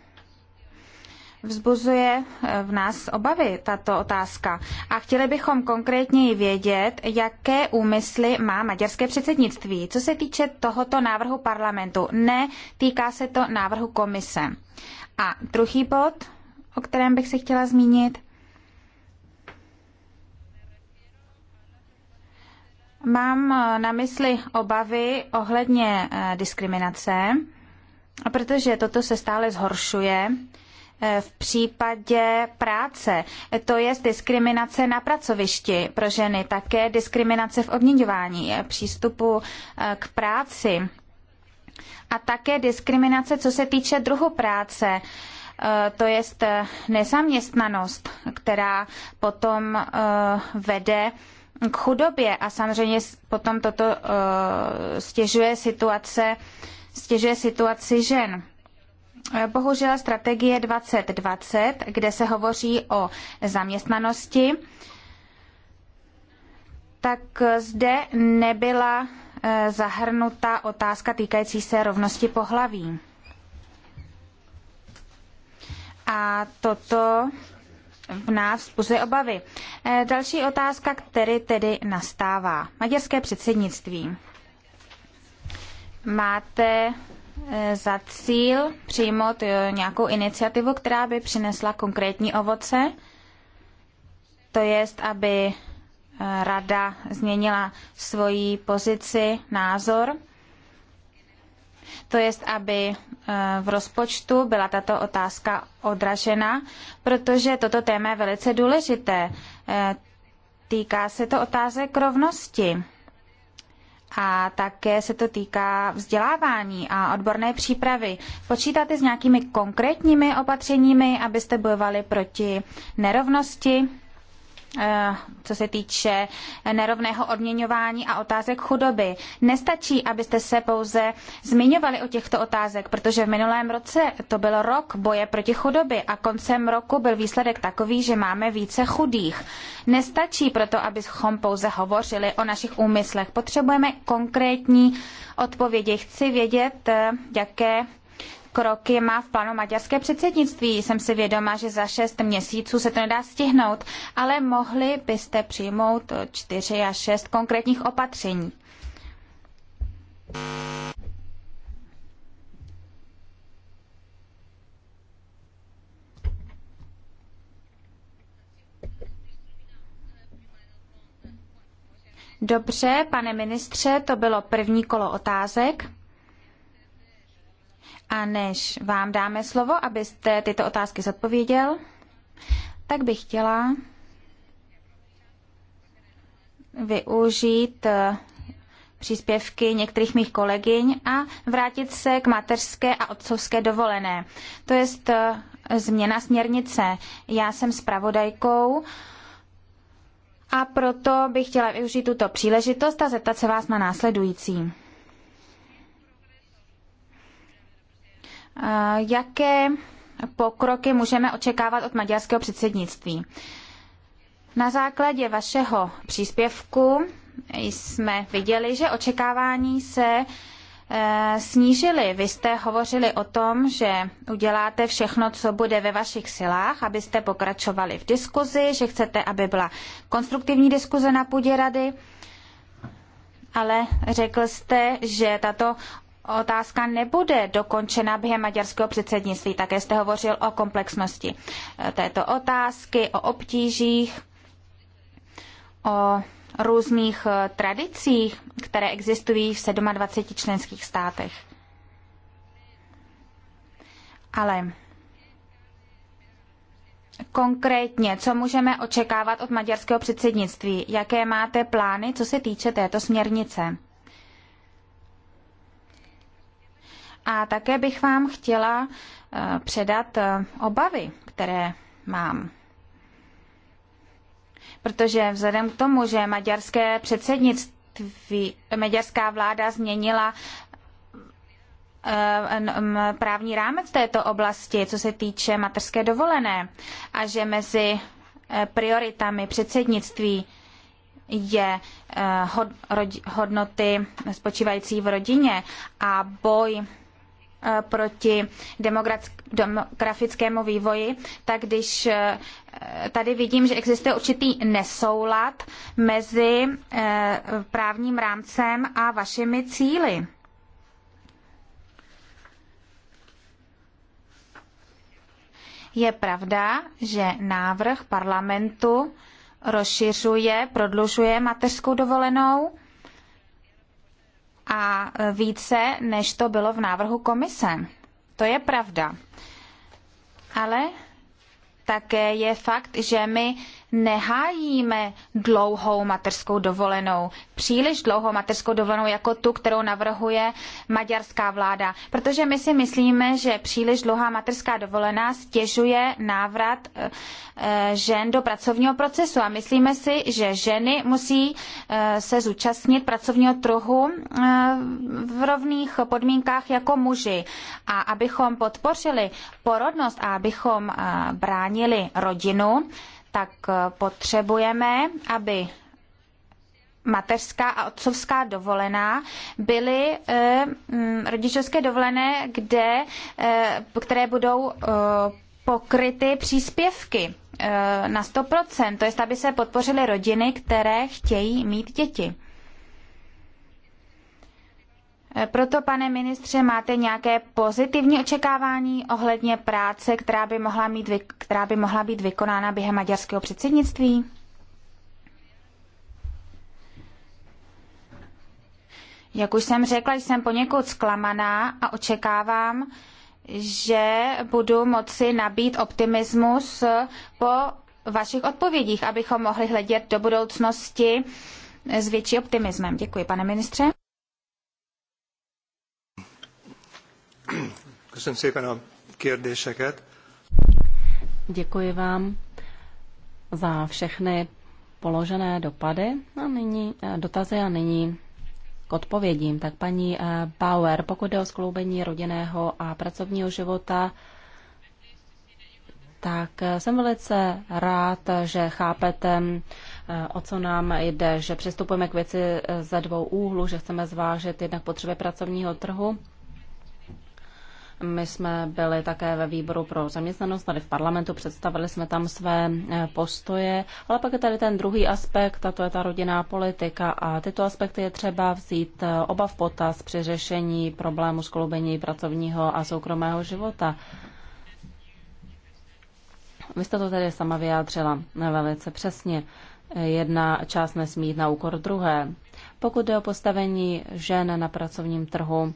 Vzbuzuje eh, v nás obavy tato otázka a chtěli bychom konkrétněji vědět, jaké úmysly má maďarské předsednictví, co se týče tohoto návrhu parlamentu. Ne, týká se to návrhu komise. A druhý bod, o kterém bych se chtěla zmínit, Mám eh, na mysli obavy ohledně eh, diskriminace, protože toto se stále zhoršuje Eh, v případě práce, to je diskriminace na pracovišti pro ženy, také diskriminace v odměňování, eh, přístupu eh, k práci a také diskriminace, co se týče druhu práce, to je nezaměstnanost, která potom vede k chudobě a samozřejmě potom toto stěžuje situace, stěžuje situaci žen. Eh, bohužel strategie 2020, kde se hovoří o zaměstnanosti, tak zde nebyla eh, zahrnuta otázka týkající se rovnosti pohlaví. A toto v nás vzbuzuje obavy. Eh, další otázka, který tedy nastává. Maďarské předsednictví. Máte Eh, za cíl přijmout eh, nějakou iniciativu, která by přinesla konkrétní ovoce, to je, aby eh, rada změnila svoji pozici, názor, to je, aby v rozpočtu byla tato otázka odražena, protože toto téma je velice důležité. Týká se to otázek rovnosti a také se to týká vzdělávání a odborné přípravy. Počítáte s nějakými konkrétními opatřeními, abyste bojovali proti nerovnosti? Eh, co se týče nerovného odměňování a otázek chudoby. Nestačí, abyste se pouze zmiňovali o těchto otázek, protože v minulém roce to byl rok boje proti chudobě a koncem roku byl výsledek takový, že máme více chudých. Nestačí proto, abychom pouze hovořili o našich úmyslech. Potřebujeme konkrétní odpovědi. Chci vědět, eh, jaké kroky má v plánu maďarské předsednictví. Jsem si vědoma, že za šest měsíců se to nedá stihnout, ale mohli byste přijmout čtyři a šest konkrétních opatření. Dobře, pane ministře, to bylo první kolo otázek. A než vám dáme slovo, abyste tyto otázky zodpověděl, tak bych chtěla využít eh, příspěvky některých mých kolegyň a vrátit se k mateřské a otcovské dovolené. To je eh, změna směrnice. Já jsem zpravodajkou a proto bych chtěla využít tuto příležitost a zeptat se vás na následující. Jaké pokroky můžeme očekávat od maďarského předsednictví? Na základě vašeho příspěvku jsme viděli, že očekávání se e, snížily. Vy jste hovořili o tom, že uděláte všechno, co bude ve vašich silách, abyste pokračovali v diskuzi, že chcete, aby byla konstruktivní diskuze na půdě rady, ale řekl jste, že tato otázka nebude dokončena během maďarského předsednictví. Také jste hovořil o komplexnosti této otázky, o obtížích, o různých eh, tradicích, které existují v 27 členských státech. Ale konkrétně, co můžeme očekávat od maďarského předsednictví? Jaké máte plány, co se týče této směrnice? A také bych vám chtěla eh, předat eh, obavy, které mám. Protože vzhledem k tomu, že maďarské předsednictví, maďarská vláda změnila eh, právní rámec této oblasti, co se týče materské dovolené, a že mezi prioritami předsednictví je hodnoty spočívající v rodině a boj Eh, proti demografickému vývoji, tak když eh, tady vidím, že existuje určitý nesoulad mezi eh, právním rámcem a vašimi cíly. Je pravda, že návrh parlamentu rozšiřuje, prodlužuje mateřskou dovolenou, a více, než to bylo v návrhu komise. To je pravda. Ale také je fakt, že my nehájíme dlouhou mateřskou dovolenou, příliš dlouhou mateřskou dovolenou jako tu, kterou navrhuje maďarská vláda, protože my si myslíme, že příliš dlouhá mateřská dovolená stěžuje návrat eh, eh, žen do pracovního procesu a myslíme si, že ženy musí eh, se zúčastnit pracovního trhu v rovných podmínkách jako muži. A abychom podpořili porodnost a abychom bránili rodinu, tak eh, potřebujeme, aby mateřská a otcovská dovolená byly eh, mm, rodičovské dovolené, kde, eh, které budou eh, pokryty příspěvky eh, na 100%, to je, aby se podpořily rodiny, které chtějí mít děti. Eh, proto, pane ministře, máte nějaké pozitivní očekávání ohledně práce, která by mohla, mít, která by mohla být vykonána během maďarského předsednictví? Jak už jsem řekla, jsem poněkud zklamaná a očekávám, že budu moci nabít optimismus po vašich odpovědích, abychom mohli hledět do budoucnosti s větší optimismem. Děkuji, pane ministře. Köszönöm szépen a kérdéseket. Děkuji vám za všechny položené dopady a nyní, e, dotazy a nyní k odpovědím. Tak paní e, Bauer, pokud jde o skloubení rodinného a pracovního života, tak e, jsem velice rád, že chápete, o co nám jde, že přistupujeme k věci ze dvou úhlů, že chceme zvážit jednak potřeby pracovního trhu my jsme byli také ve výboru pro zaměstnanost tady v parlamentu, představili jsme tam své eh, postoje, ale pak je tady ten druhý aspekt, a to je ta rodinná politika a tyto aspekty je třeba vzít eh, oba v potaz při řešení problému skloubení pracovního a soukromého života. Vy jste to tady sama vyjádřila eh, velice přesně. Jedna část nesmí jít na úkor druhé. Pokud jde o postavení žen na pracovním trhu,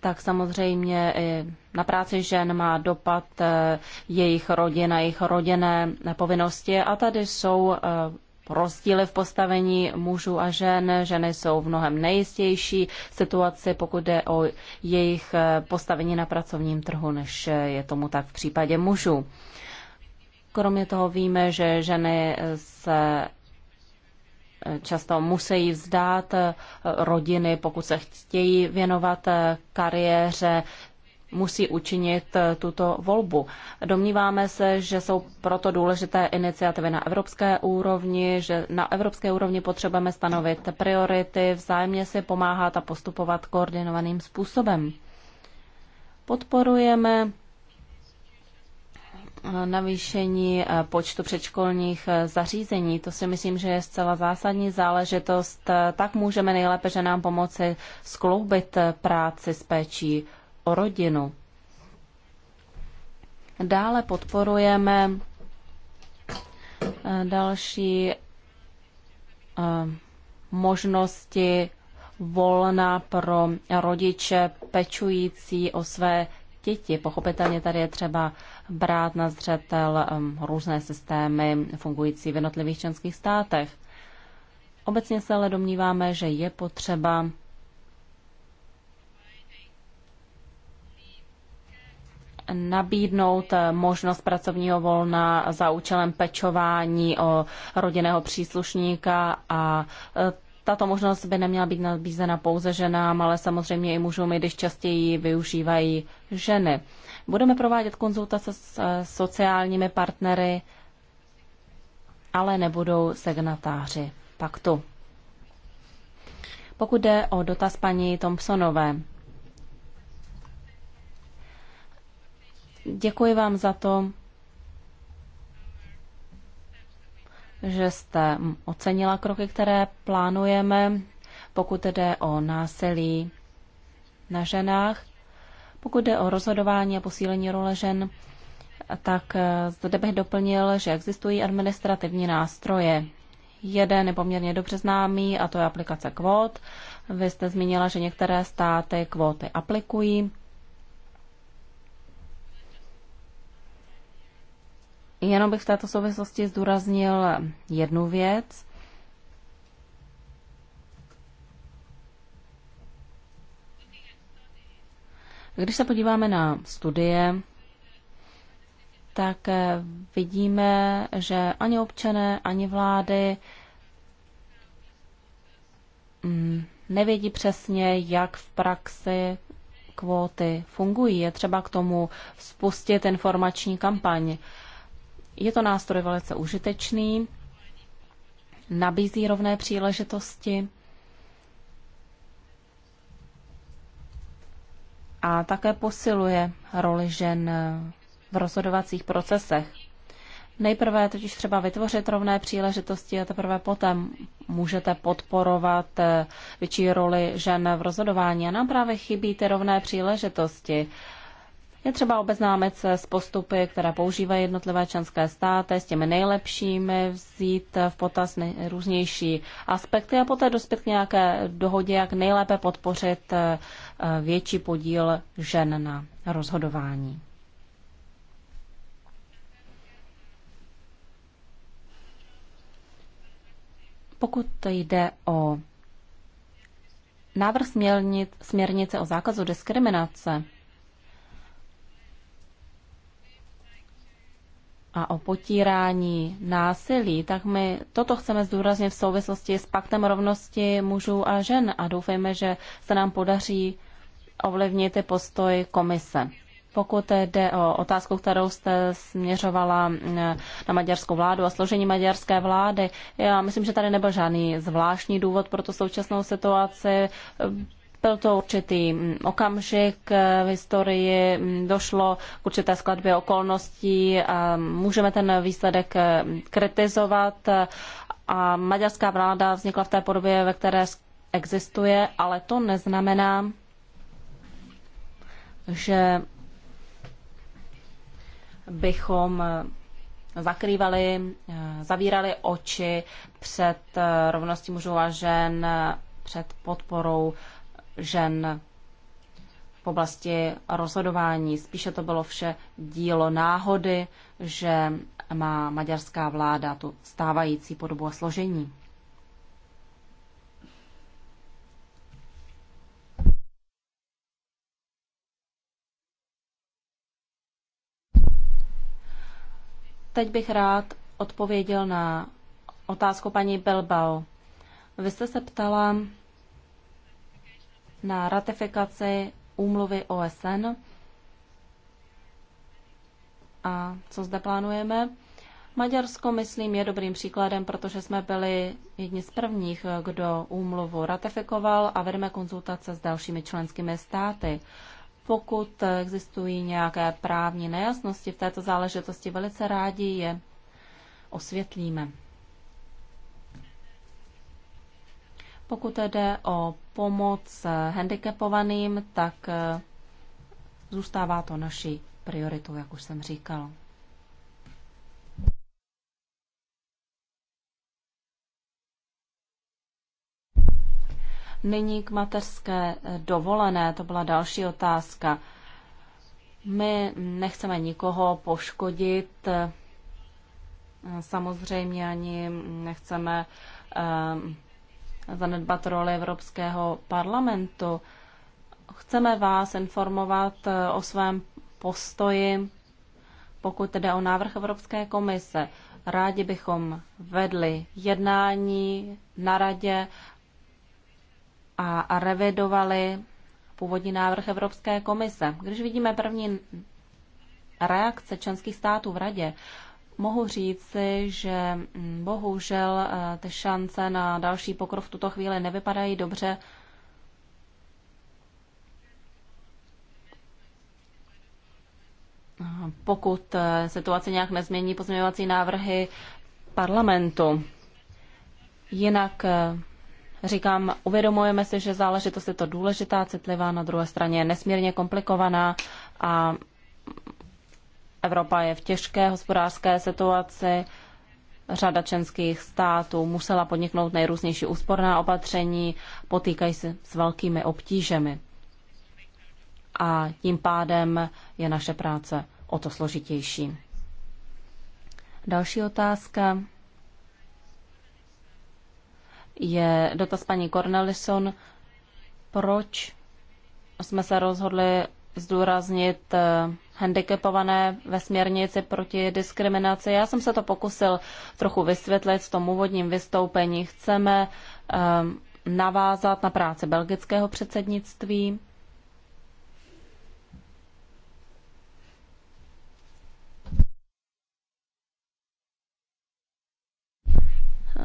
tak samozřejmě na práci žen má dopad eh, jejich rodin a jejich rodinné povinnosti a tady jsou eh, rozdíly v postavení mužů a žen. Ženy jsou v mnohem nejistější situaci, pokud jde o jejich eh, postavení na pracovním trhu, než je tomu tak v případě mužů. Kromě toho víme, že ženy se často musí vzdát eh, rodiny, pokud se chtějí věnovat eh, kariéře, musí učinit eh, tuto volbu. Domníváme se, že jsou proto důležité iniciativy na evropské úrovni, že na evropské úrovni potřebujeme stanovit priority, vzájemně si pomáhat a postupovat koordinovaným způsobem. Podporujeme navýšení eh, počtu předškolních eh, zařízení. To si myslím, že je zcela zásadní záležitost. Eh, tak můžeme nejlépe, že nám pomoci skloubit práci s péčí o rodinu. Dále podporujeme další možnosti volna pro rodiče pečující o své děti. Pochopitelně tady je třeba brát na zřetel různé systémy fungující v jednotlivých členských státech. Obecně se ale domníváme, že je potřeba nabídnout eh, možnost pracovního volna za účelem pečování o rodinného příslušníka a eh, tato možnost by neměla být nabízena pouze ženám, ale samozřejmě i mužům, když častěji využívají ženy. Budeme provádět konzultace s eh, sociálními partnery, ale nebudou signatáři paktu. Pokud jde o dotaz paní Thompsonové, děkuji vám za to, že jste ocenila kroky, které plánujeme, pokud jde o násilí na ženách. Pokud jde o rozhodování a posílení role žen, tak zde bych doplnil, že existují administrativní nástroje. Jeden je poměrně dobře známý a to je aplikace kvót. Vy jste zmínila, že některé státy kvóty aplikují. Jenom bych v této souvislosti zdůraznil jednu věc. Když se podíváme na studie, tak vidíme, že ani občané, ani vlády mm, nevědí přesně, jak v praxi kvóty fungují. Je třeba k tomu spustit informační kampaň. Je to nástroj velice užitečný, nabízí rovné příležitosti a také posiluje roli žen v rozhodovacích procesech. Nejprve je totiž třeba vytvořit rovné příležitosti a teprve potom můžete podporovat eh, větší roli žen v rozhodování. A nám právě chybí ty rovné příležitosti. Je třeba obeznámit se s postupy, které používají jednotlivé členské státy, s těmi nejlepšími, vzít v potaz nejrůznější aspekty a poté dospět k nějaké dohodě, jak nejlépe podpořit eh, větší podíl žen na rozhodování. Pokud jde o návrh směrnice o zákazu diskriminace, a o potírání násilí, tak my toto chceme zdůraznit v souvislosti s paktem rovnosti mužů a žen a doufejme, že se nám podaří ovlivnit ty postoj komise. Pokud jde o otázku, kterou jste směřovala mm, na maďarskou vládu a složení maďarské vlády, já myslím, že tady nebyl žádný zvláštní důvod pro tu současnou situaci. Byl to určitý mm, okamžik eh, v historii, mm, došlo k určité skladbě okolností, můžeme ten výsledek eh, kritizovat a maďarská vláda vznikla v té podobě, ve které existuje, ale to neznamená, že bychom eh, zakrývali, zavírali oči před rovností mužů a žen, před podporou žen v oblasti rozhodování. Spíše to bylo vše dílo náhody, že má maďarská vláda tu stávající podobu a složení. Teď bych rád odpověděl na otázku paní Belbao. Vy jste se ptala, na ratifikaci úmluvy OSN. A co zde plánujeme? Maďarsko, myslím, je dobrým příkladem, protože jsme byli jedni z prvních, kdo úmluvu ratifikoval a vedeme konzultace s dalšími členskými státy. Pokud existují nějaké právní nejasnosti v této záležitosti, velice rádi je osvětlíme. Pokud jde o pomoc handicapovaným, tak eh, zůstává to naší prioritou, jak už jsem říkal. Nyní k mateřské eh, dovolené, to byla další otázka. My nechceme nikoho poškodit, eh, samozřejmě ani nechceme zanedbat roli Evropského parlamentu. Chceme vás informovat eh, o svém postoji, pokud jde o návrh Evropské komise. Rádi bychom vedli jednání na radě a revidovali původní návrh Evropské komise. Když vidíme první reakce členských států v radě mohu říci, že mm, bohužel eh, ty šance na další pokrov v tuto chvíli nevypadají dobře. Pokud eh, situace nějak nezmění pozměňovací návrhy parlamentu, jinak eh, Říkám, uvědomujeme si, že záležitost je to důležitá, citlivá, na druhé straně je nesmírně komplikovaná a Evropa je v těžké hospodářské situaci, řada členských států musela podniknout nejrůznější úsporná opatření, potýkají se s velkými obtížemi. A tím pádem je naše práce o to složitější. Další otázka je dotaz paní Cornelison. Proč jsme se rozhodli zdůraznit eh, handicapované ve směrnici proti diskriminaci. Já jsem se to pokusil trochu vysvětlit v tom úvodním vystoupení. Chceme eh, navázat na práci belgického předsednictví.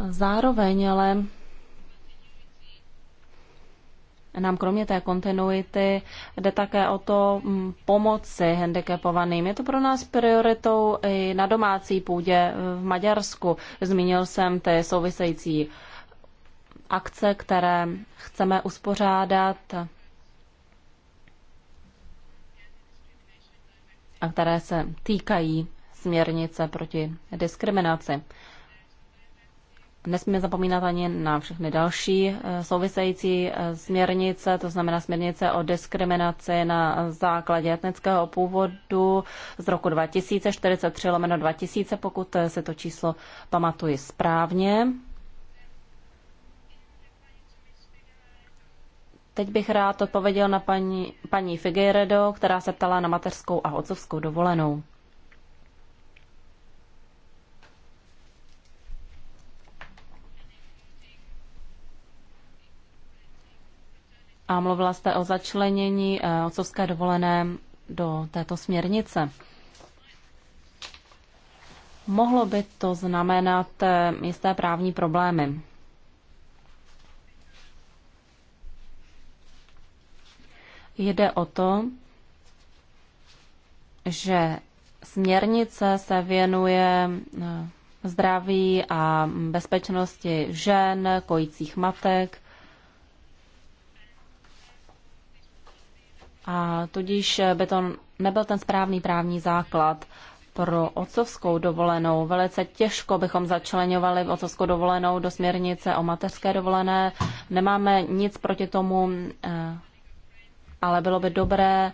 Zároveň ale nám kromě té kontinuity jde také o to mm, pomoci handicapovaným. Je to pro nás prioritou i na domácí půdě v Maďarsku. Zmínil jsem ty související akce, které chceme uspořádat a které se týkají směrnice proti diskriminaci. Nesmíme zapomínat ani na všechny další eh, související eh, směrnice, to znamená směrnice o diskriminaci na základě etnického původu z roku 2043 lomeno 2000, pokud eh, se to číslo pamatuji správně. Teď bych rád odpověděl na paní, paní Figueredo, která se ptala na mateřskou a otcovskou dovolenou. a mluvila jste o začlenění eh, otcovské dovolené do této směrnice. Mohlo by to znamenat eh, jisté právní problémy. Jde o to, že směrnice se věnuje eh, zdraví a bezpečnosti žen, kojících matek, a tudíž eh, by to nebyl ten správný právní základ pro otcovskou dovolenou. Velice těžko bychom začlenovali otcovskou dovolenou do směrnice o mateřské dovolené. Nemáme nic proti tomu, eh, ale bylo by dobré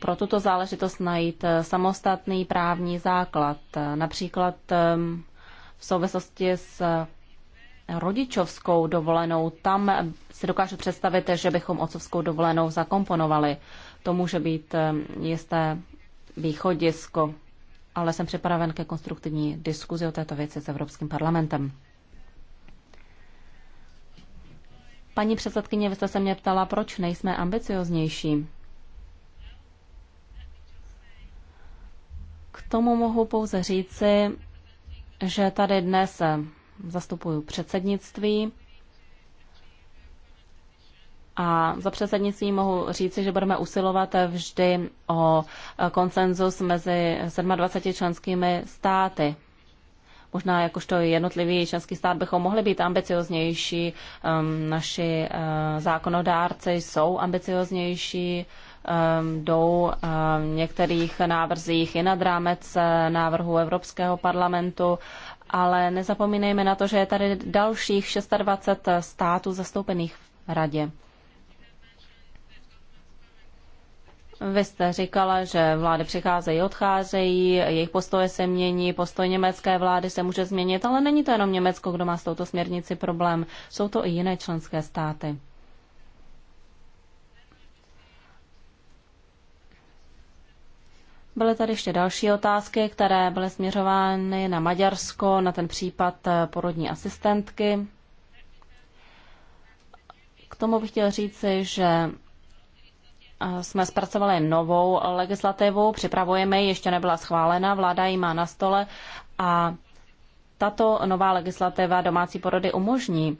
pro tuto záležitost najít eh, samostatný právní základ. Například ehm, v souvislosti s rodičovskou dovolenou, tam si dokážu představit, že bychom otcovskou dovolenou zakomponovali to může být eh, jisté východisko, ale jsem připraven ke konstruktivní diskuzi o této věci s Evropským parlamentem. Paní předsedkyně, vy jste se mě ptala, proč nejsme ambicioznější. K tomu mohu pouze říci, že tady dnes eh, zastupuju předsednictví a za předsednictví mohu říci, že budeme usilovat vždy o konsenzus mezi 27 členskými státy. Možná jakožto jednotlivý členský stát bychom mohli být ambicioznější, um, naši uh, zákonodárci jsou ambicioznější, um, jdou uh, v některých návrzích i nad rámec uh, návrhu Evropského parlamentu, ale nezapomínejme na to, že je tady dalších 26 států zastoupených v radě. Vy jste říkala, že vlády přicházejí, odcházejí, jejich postoje se mění, postoj německé vlády se může změnit, ale není to jenom Německo, kdo má s touto směrnici problém. Jsou to i jiné členské státy. Byly tady ještě další otázky, které byly směřovány na Maďarsko, na ten případ eh, porodní asistentky. K tomu bych chtěl říci, že jsme zpracovali novou legislativu, připravujeme ji, ještě nebyla schválena, vláda ji má na stole a tato nová legislativa domácí porody umožní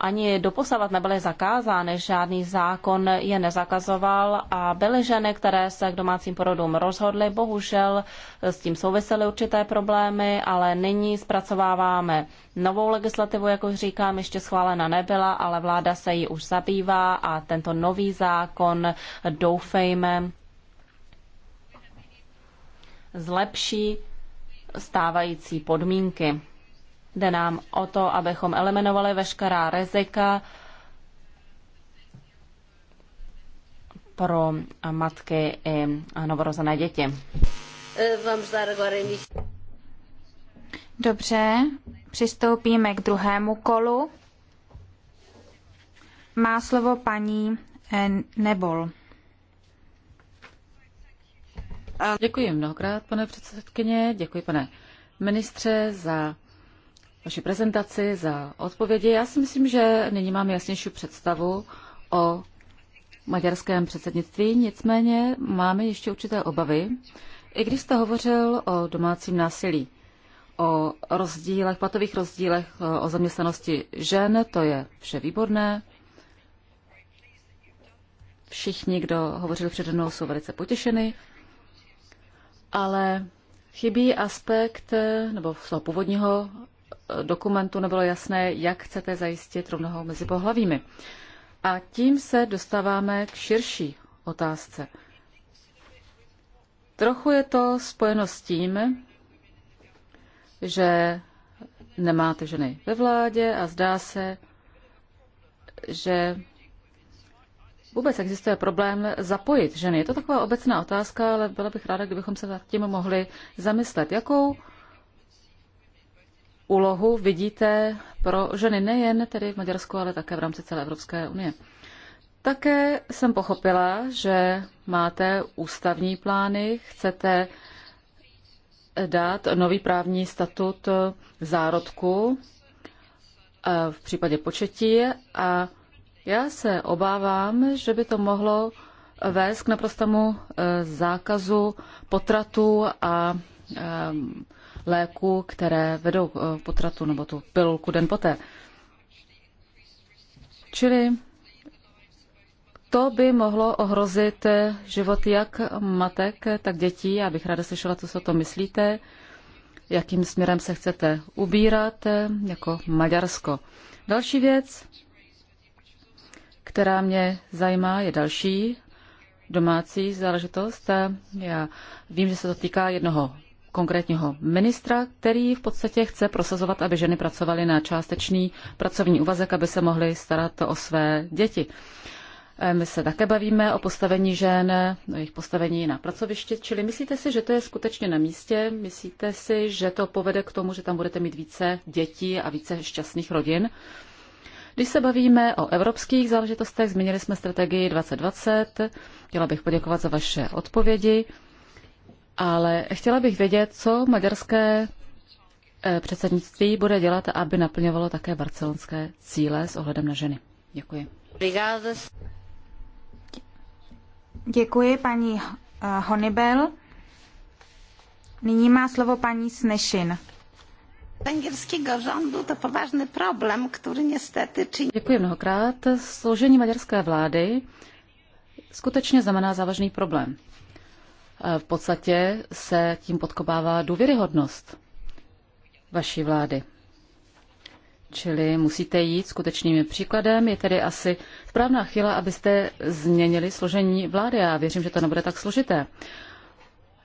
ani doposavat nebyly zakázány, žádný zákon je nezakazoval a byly ženy, které se k domácím porodům rozhodly, bohužel s tím souvisely určité problémy, ale nyní zpracováváme novou legislativu, jak už říkám, ještě schválena nebyla, ale vláda se ji už zabývá a tento nový zákon doufejme zlepší stávající podmínky. Jde nám o to, abychom eliminovali veškerá rizika pro matky i novorozené děti. Dobře, přistoupíme k druhému kolu. Má slovo paní eh, Nebol. Děkuji mnohokrát, pane předsedkyně, děkuji pane ministře za vaši prezentaci, za odpovědi. Já si myslím, že nyní mám jasnější představu o maďarském předsednictví, nicméně máme ještě určité obavy, i když jste hovořil o domácím násilí, o rozdílech, platových rozdílech, o zaměstnanosti žen, to je vše výborné. Všichni, kdo hovořili přede mnou, jsou velice potěšeny, ale chybí aspekt, nebo z toho původního dokumentu nebylo jasné, jak chcete zajistit rovnováhu mezi pohlavími. A tím se dostáváme k širší otázce. Trochu je to spojeno s tím, že nemáte ženy ve vládě a zdá se, že vůbec existuje problém zapojit ženy. Je to taková obecná otázka, ale byla bych ráda, kdybychom se nad tím mohli zamyslet. Jakou úlohu vidíte pro ženy nejen tedy v Maďarsku, ale také v rámci celé Evropské unie. Také jsem pochopila, že máte ústavní plány, chcete dát nový právní statut zárodku eh, v případě početí a já se obávám, že by to mohlo vést k naprostému eh, zákazu potratů a ehm, léků, které vedou k eh, potratu nebo tu pilulku den poté. Čili to by mohlo ohrozit eh, život jak matek, tak dětí. Já bych ráda slyšela, co se o tom myslíte, jakým směrem se chcete ubírat eh, jako Maďarsko. Další věc, která mě zajímá, je další domácí záležitost. Já vím, že se to týká jednoho konkrétního ministra, který v podstatě chce prosazovat, aby ženy pracovaly na částečný pracovní úvazek, aby se mohly starat o své děti. Eh, my se také bavíme o postavení žen, o jejich postavení na pracovišti, čili myslíte si, že to je skutečně na místě? Myslíte si, že to povede k tomu, že tam budete mít více dětí a více šťastných rodin? Když se bavíme o evropských záležitostech, změnili jsme strategii 2020. Chtěla bych poděkovat za vaše odpovědi ale chtěla bych vědět, co maďarské eh, předsednictví bude dělat, aby naplňovalo také barcelonské cíle s ohledem na ženy. Děkuji. Děkuji paní eh, Honibel. Nyní má slovo paní Snešin. to Děkuji mnohokrát. Složení maďarské vlády skutečně znamená závažný problém v podstatě se tím podkobává důvěryhodnost vaší vlády. Čili musíte jít skutečným příkladem. Je tedy asi správná chvíle, abyste změnili složení vlády. Já věřím, že to nebude tak složité.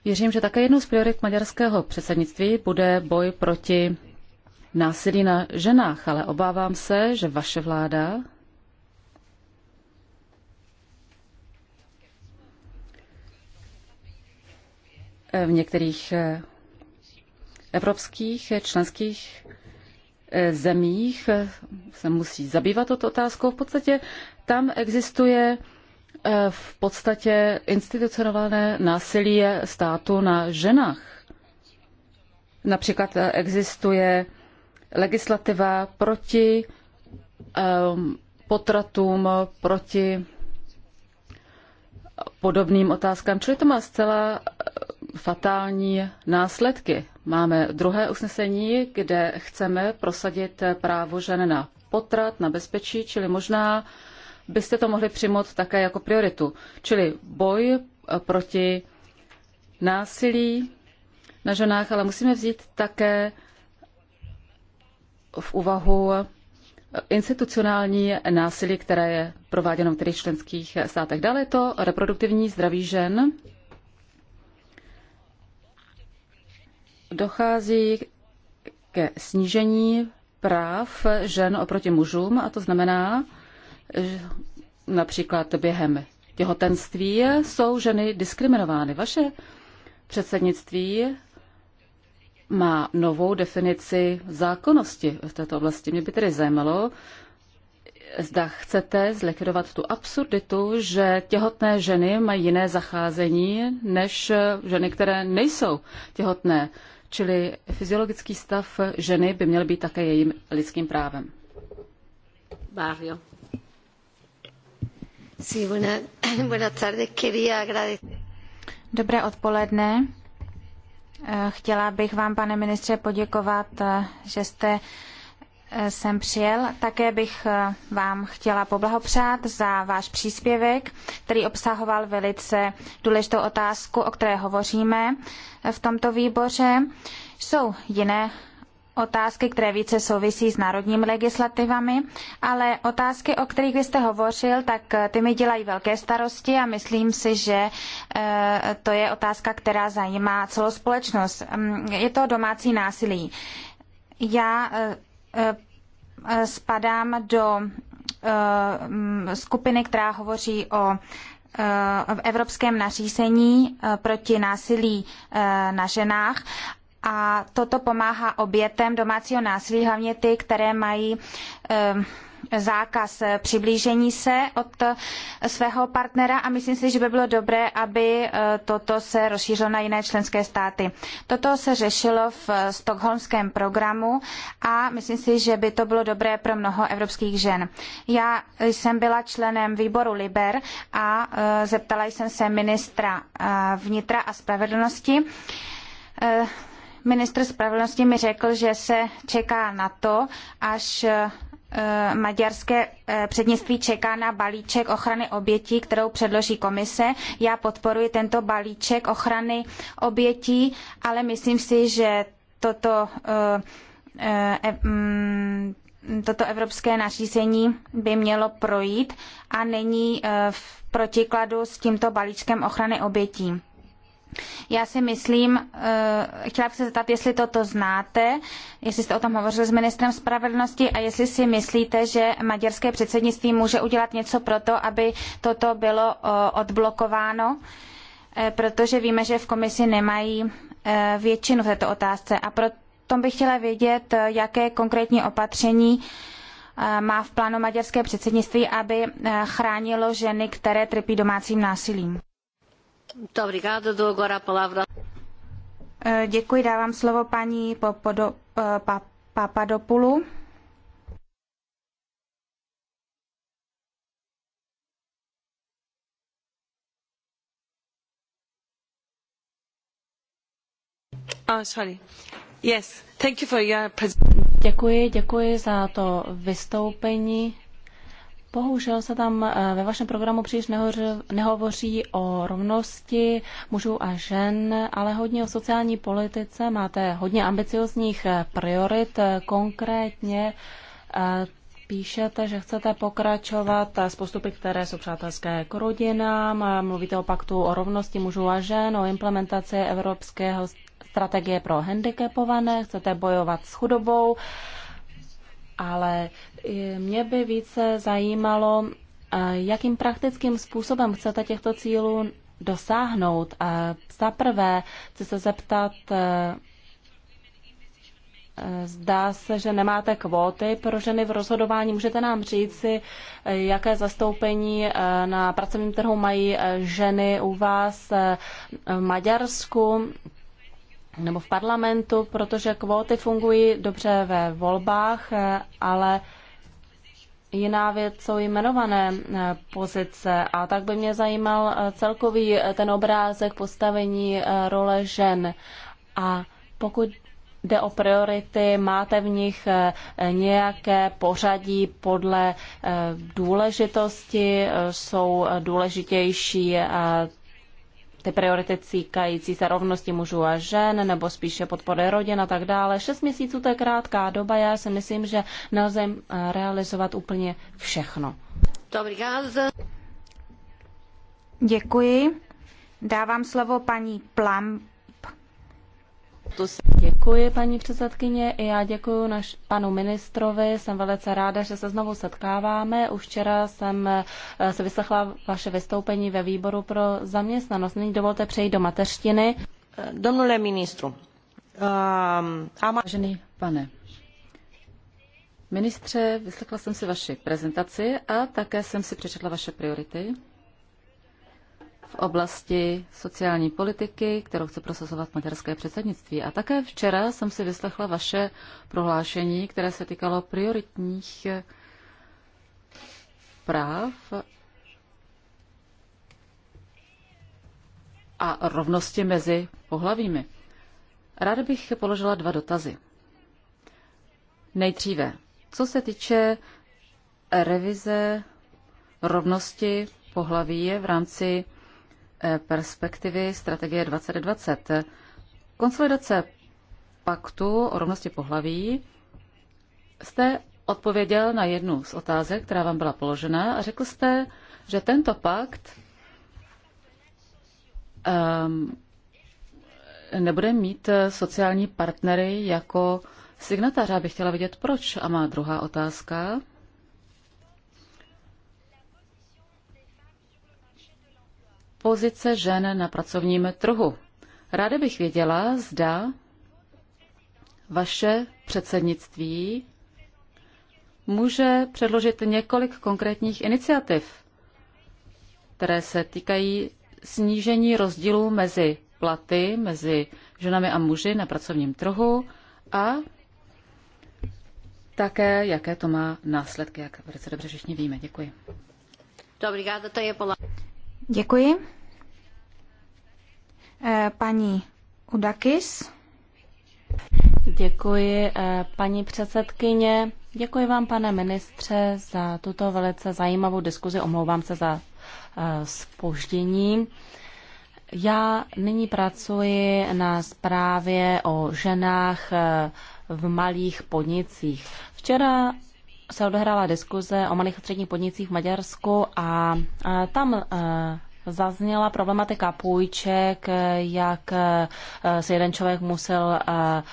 Věřím, že také jednou z priorit maďarského předsednictví bude boj proti násilí na ženách, ale obávám se, že vaše vláda v některých eh, evropských eh, členských eh, zemích se musí zabývat toto otázkou. V podstatě tam existuje v podstatě institucionované násilí státu na ženách. Například existuje legislativa proti ehm, potratům, proti podobným otázkám. Čili to má zcela fatální následky. Máme druhé usnesení, kde chceme prosadit právo žen na potrat, na bezpečí, čili možná byste to mohli přijmout také jako prioritu. Čili boj eh, proti násilí na ženách, ale musíme vzít také v úvahu institucionální násilí, které je prováděno v některých členských státech. Dále je to reproduktivní zdraví žen, dochází ke snížení práv žen oproti mužům a to znamená, že například během těhotenství jsou ženy diskriminovány. Vaše předsednictví má novou definici zákonnosti v této oblasti. Mě by tedy zajímalo, zda chcete zlikvidovat tu absurditu, že těhotné ženy mají jiné zacházení než ženy, které nejsou těhotné. Čili fyziologický stav ženy by měl být také jejím lidským právem. Mario. Sí, buena, buenas tardes. Quería agradecer. Dobré odpoledne. Eh, chtěla bych vám, pane ministře, poděkovat, eh, že jste jsem přijel. Také bych eh, vám chtěla poblahopřát za váš příspěvek, který obsahoval velice důležitou otázku, o které hovoříme eh, v tomto výboře. Jsou jiné otázky, které více souvisí s národními legislativami, ale otázky, o kterých vy jste hovořil, tak eh, ty mi dělají velké starosti a myslím si, že to je otázka, která zajímá celou společnost. Mm, je to domácí násilí. Já Eh, eh, spadám do eh, skupiny, která hovoří o v evropském nařízení proti násilí na ženách a toto pomáhá obětem domácího násilí, hlavně ty, které mají zákaz přiblížení se od svého partnera a myslím si, že by bylo dobré, aby e, toto se rozšířilo na jiné členské státy. Toto se řešilo v stokholmském programu a myslím si, že by to bylo dobré pro mnoho evropských žen. Já jsem byla členem výboru Liber a e, zeptala jsem se ministra e, vnitra a spravedlnosti ministr spravedlnosti mi řekl, že se čeká na to, až Eh, maďarské eh, přednictví čeká na balíček ochrany obětí, kterou předloží komise. Já podporuji tento balíček ochrany obětí, ale myslím si, že toto, eh, mm, toto evropské nařízení by mělo projít a není v protikladu s tímto balíčkem ochrany obětí. Já si myslím, eh, chtěla bych se zeptat, jestli toto znáte, jestli jste o tom hovořil s ministrem spravedlnosti a jestli si myslíte, že maďarské předsednictví může udělat něco pro to, aby toto bylo eh, odblokováno, eh, protože víme, že v komisi nemají většinu v této otázce. A proto bych chtěla vědět, jaké konkrétní opatření má v plánu maďarské předsednictví, aby chránilo ženy, které trpí domácím násilím. Eh, děkuji, dávám slovo paní Popodo, eh, pa, Oh, sorry. Yes, thank you for your... Děkuji, děkuji za to vystoupení. Bohužel se tam eh, ve vašem programu příliš nehovoří o rovnosti mužů a žen, ale hodně o sociální politice. Máte hodně ambiciozních eh, priorit. Konkrétně eh, píšete, že chcete pokračovat s postupy, které jsou přátelské k rodinám. Mluvíte o paktu o rovnosti mužů a žen, o implementaci evropského strategie pro handicapované, chcete bojovat s chudobou ale e, mě by více zajímalo, e, jakým praktickým způsobem chcete těchto cílů dosáhnout. Za prvé chci se zeptat, e, Zdá se, že nemáte kvóty pro ženy v rozhodování. Můžete nám říci, jaké zastoupení na pracovním trhu mají ženy u vás v Maďarsku? nebo v parlamentu, protože kvóty fungují dobře ve volbách, eh, ale jiná věc jsou jmenované eh, pozice. A tak by mě zajímal eh, celkový ten obrázek postavení role žen. A pokud jde o priority, máte v nich nějaké pořadí podle důležitosti, jsou důležitější ty priority týkající se rovnosti mužů a žen, nebo spíše podpory rodin a tak dále. Šest měsíců to je krátká doba, já si myslím, že nelze eh, realizovat úplně všechno. Dobrý Děkuji. Dávám slovo paní Plam, Děkuji, paní předsedkyně, i já děkuji naš, panu ministrovi. Jsem velice ráda, že se znovu setkáváme. Už včera jsem eh, se vyslechla vaše vystoupení ve výboru pro zaměstnanost. Nyní dovolte přejít do mateřštiny. Eh, domnule ministru, um, ehm, ama... Vážený pane ministře, vyslechla jsem si vaši prezentaci a také jsem si přečetla vaše priority v oblasti sociální politiky, kterou chce prosazovat maďarské předsednictví. A také včera jsem si vyslechla vaše prohlášení, které se týkalo prioritních eh, práv a rovnosti mezi pohlavími. Ráda bych položila dva dotazy. Nejdříve, co se týče revize rovnosti pohlaví v rámci Eh, perspektivy strategie 2020. Konsolidace paktu o rovnosti pohlaví jste odpověděl na jednu z otázek, která vám byla položena a řekl jste, že tento pakt um, nebude mít sociální partnery jako signatáře. Abych chtěla vidět, proč. A má druhá otázka pozice žen na pracovním trhu. Ráda bych věděla, zda vaše předsednictví může předložit několik konkrétních iniciativ, které se týkají snížení rozdílů mezi platy, mezi ženami a muži na pracovním trhu a také, jaké to má následky, jak velice dobře všichni víme. Děkuji. Děkuji. Eh, paní Udakis. Děkuji, eh, paní předsedkyně. Děkuji vám, pane ministře, za tuto velice zajímavou diskuzi. Omlouvám se za spoždění. Eh, Já nyní pracuji na zprávě o ženách v malých podnicích. Včera se odehrála diskuze o malých a středních podnicích v Maďarsku a tam e, zazněla problematika půjček, jak se jeden člověk musel e,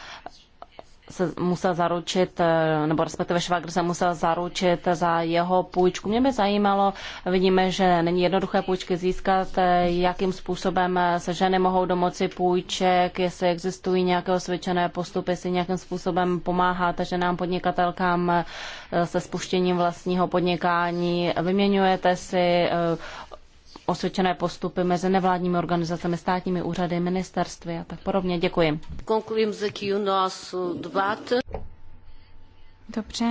se musel zaručit, eh, nebo respektive švagr se musel zaručit za jeho půjčku. Mě by zajímalo, vidíme, že není jednoduché půjčky získat, eh, jakým způsobem eh, se ženy mohou domoci půjček, jestli existují nějaké osvědčené postupy, jestli nějakým způsobem pomáháte ženám podnikatelkám se spuštěním vlastního podnikání, vyměňujete si osvědčené postupy mezi nevládními organizacemi, státními úřady, ministerstvy a tak podobně. Děkuji. debatu. Dobře.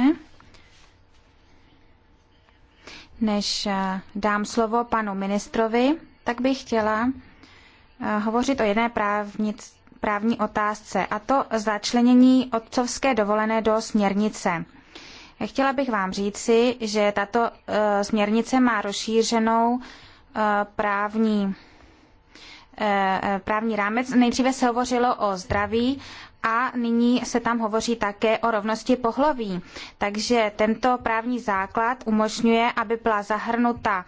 Než eh, dám slovo panu ministrovi, tak bych chtěla eh, hovořit o jedné právnic, právní otázce, a to začlenění otcovské dovolené do směrnice. Chtěla bych vám říci, že tato eh, směrnice má rozšířenou Eh, právní, eh, eh, právní rámec. Nejdříve se hovořilo o zdraví a nyní se tam hovoří také o rovnosti pohlaví. Takže tento právní základ umožňuje, aby byla zahrnuta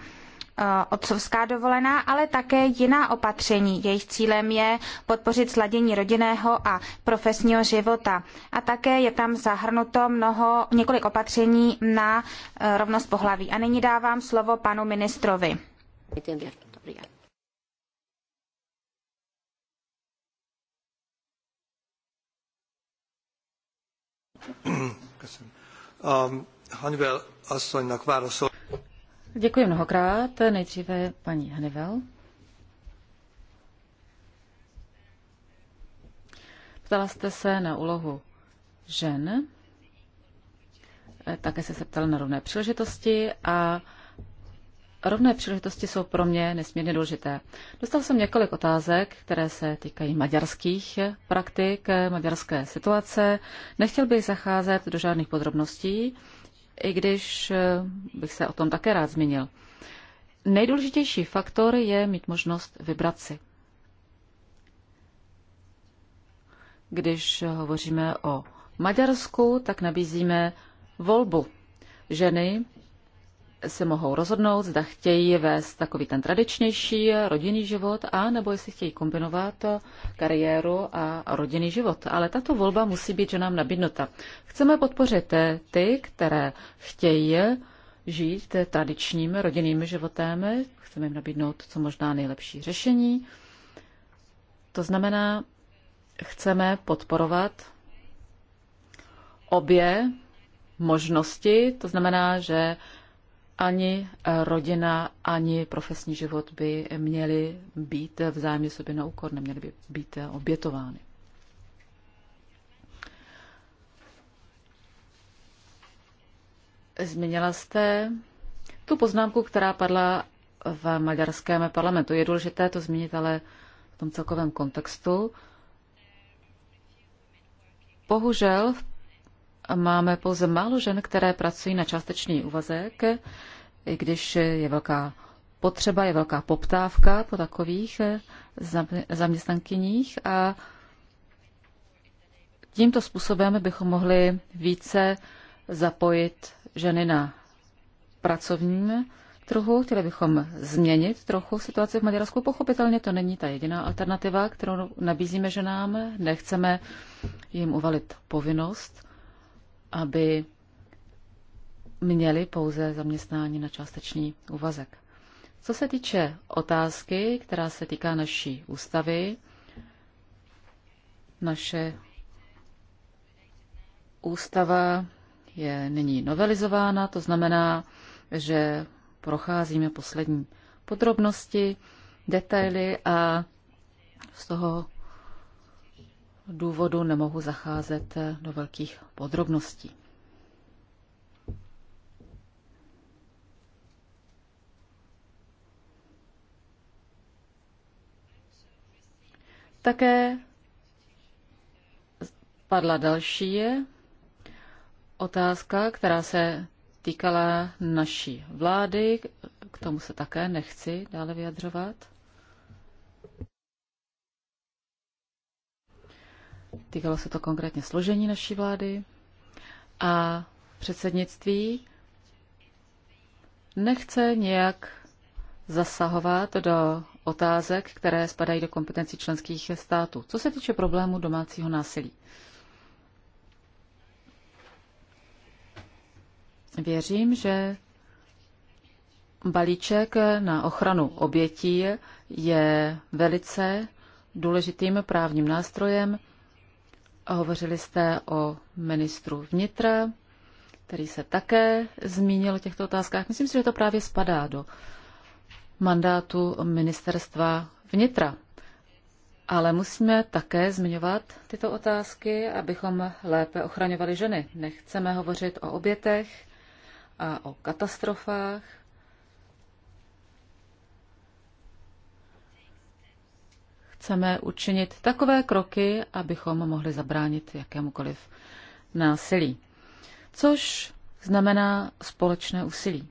otcovská dovolená, ale také jiná opatření. Jejich cílem je podpořit sladění rodinného a profesního života. A také je tam zahrnuto mnoho, několik opatření na rovnost pohlaví. A nyní dávám slovo panu ministrovi. Entender. Obrigada. Hanivel asszonynak válaszol. Děkuji mnohokrát. Nejdříve paní Hanivel. Ptala jste se na úlohu žen. Také jste se ptala na rovné příležitosti a rovné příležitosti jsou pro mě nesmírně důležité. Dostal jsem několik otázek, které se týkají maďarských praktik, maďarské situace. Nechtěl bych zacházet do žádných podrobností, i když eh, bych se o tom také rád zmínil. Nejdůležitější faktor je mít možnost vybrat si. Když hovoříme o Maďarsku, tak nabízíme volbu. Ženy se mohou rozhodnout, zda chtějí vést takový ten tradičnější rodinný život, a nebo jestli chtějí kombinovat kariéru a rodinný život. Ale tato volba musí být ženám nabídnuta. Chceme podpořit ty, které chtějí žít tradičním rodinným životem, chceme jim nabídnout co možná nejlepší řešení. To znamená, chceme podporovat obě možnosti, to znamená, že ani eh, rodina, ani profesní život by měly být vzájemně sobě na úkor, neměly by být eh, obětovány. Změnila jste tu poznámku, která padla v maďarském parlamentu. Je důležité to změnit, ale v tom celkovém kontextu. Bohužel v máme pouze málo žen, které pracují na částečný úvazek, i když je velká potřeba, je velká poptávka po takových zaměstnankyních a tímto způsobem bychom mohli více zapojit ženy na pracovním trhu. Chtěli bychom změnit trochu situaci v Maďarsku. Pochopitelně to není ta jediná alternativa, kterou nabízíme ženám. Nechceme jim uvalit povinnost aby měli pouze zaměstnání na částečný úvazek. Co se týče otázky, která se týká naší ústavy, naše ústava je nyní novelizována, to znamená, že procházíme poslední podrobnosti, detaily a z toho důvodu nemohu zacházet do velkých podrobností. Také padla další otázka, která se týkala naší vlády. K tomu se také nechci dále vyjadřovat. Týkalo se to konkrétně složení naší vlády a předsednictví nechce nějak zasahovat do otázek, které spadají do kompetencí členských států, co se týče problému domácího násilí. Věřím, že balíček na ochranu obětí je velice důležitým právním nástrojem. Hovořili jste o ministru vnitra, který se také zmínil o těchto otázkách. Myslím si, že to právě spadá do mandátu ministerstva vnitra. Ale musíme také zmiňovat tyto otázky, abychom lépe ochraňovali ženy. Nechceme hovořit o obětech a o katastrofách, chceme učinit takové kroky, abychom mohli zabránit jakémukoliv násilí. Což znamená společné úsilí.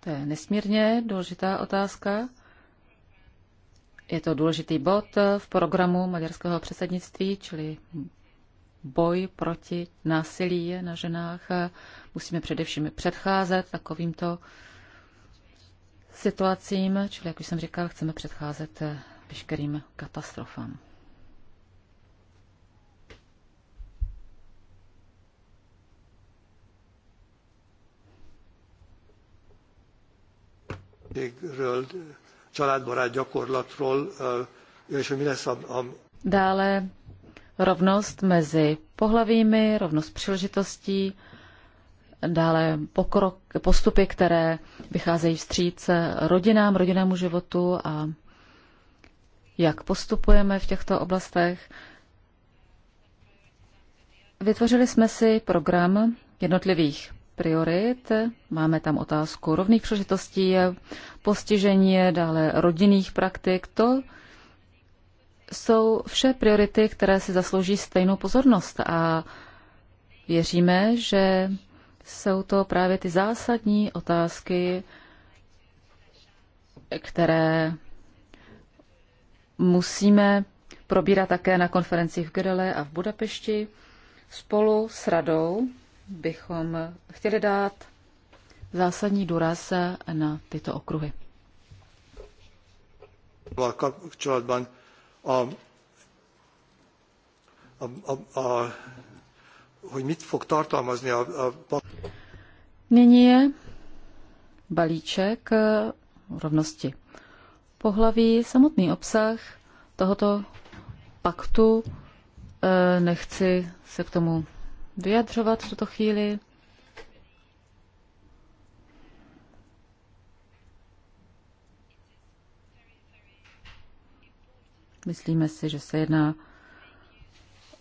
To je nesmírně důležitá otázka. Je to důležitý bod v programu maďarského předsednictví, čili boj proti násilí na ženách. Musíme především předcházet takovýmto situacím, čili, jak už jsem říkal, chceme předcházet veškerým katastrofám. Dále rovnost mezi pohlavími, rovnost příležitostí, dále pokrok, postupy, které vycházejí vstříc rodinám, rodinnému životu a jak postupujeme v těchto oblastech. Vytvořili jsme si program jednotlivých priorit. Máme tam otázku rovných příležitostí, postižení, dále rodinných praktik. To jsou vše priority, které si zaslouží stejnou pozornost a věříme, že jsou to právě ty zásadní otázky, které musíme probírat také na konferencích v Gdele a v Budapešti. Spolu s radou bychom chtěli dát zásadní důraz na tyto okruhy. Kapcsolatban um, a, a, a, hogy mit fog tartalmazni a, a... Nyní je balíček eh, rovnosti pohlaví. Samotný obsah tohoto paktu eh, nechci se k tomu vyjadřovat v tuto chvíli. Myslíme si, že se jedná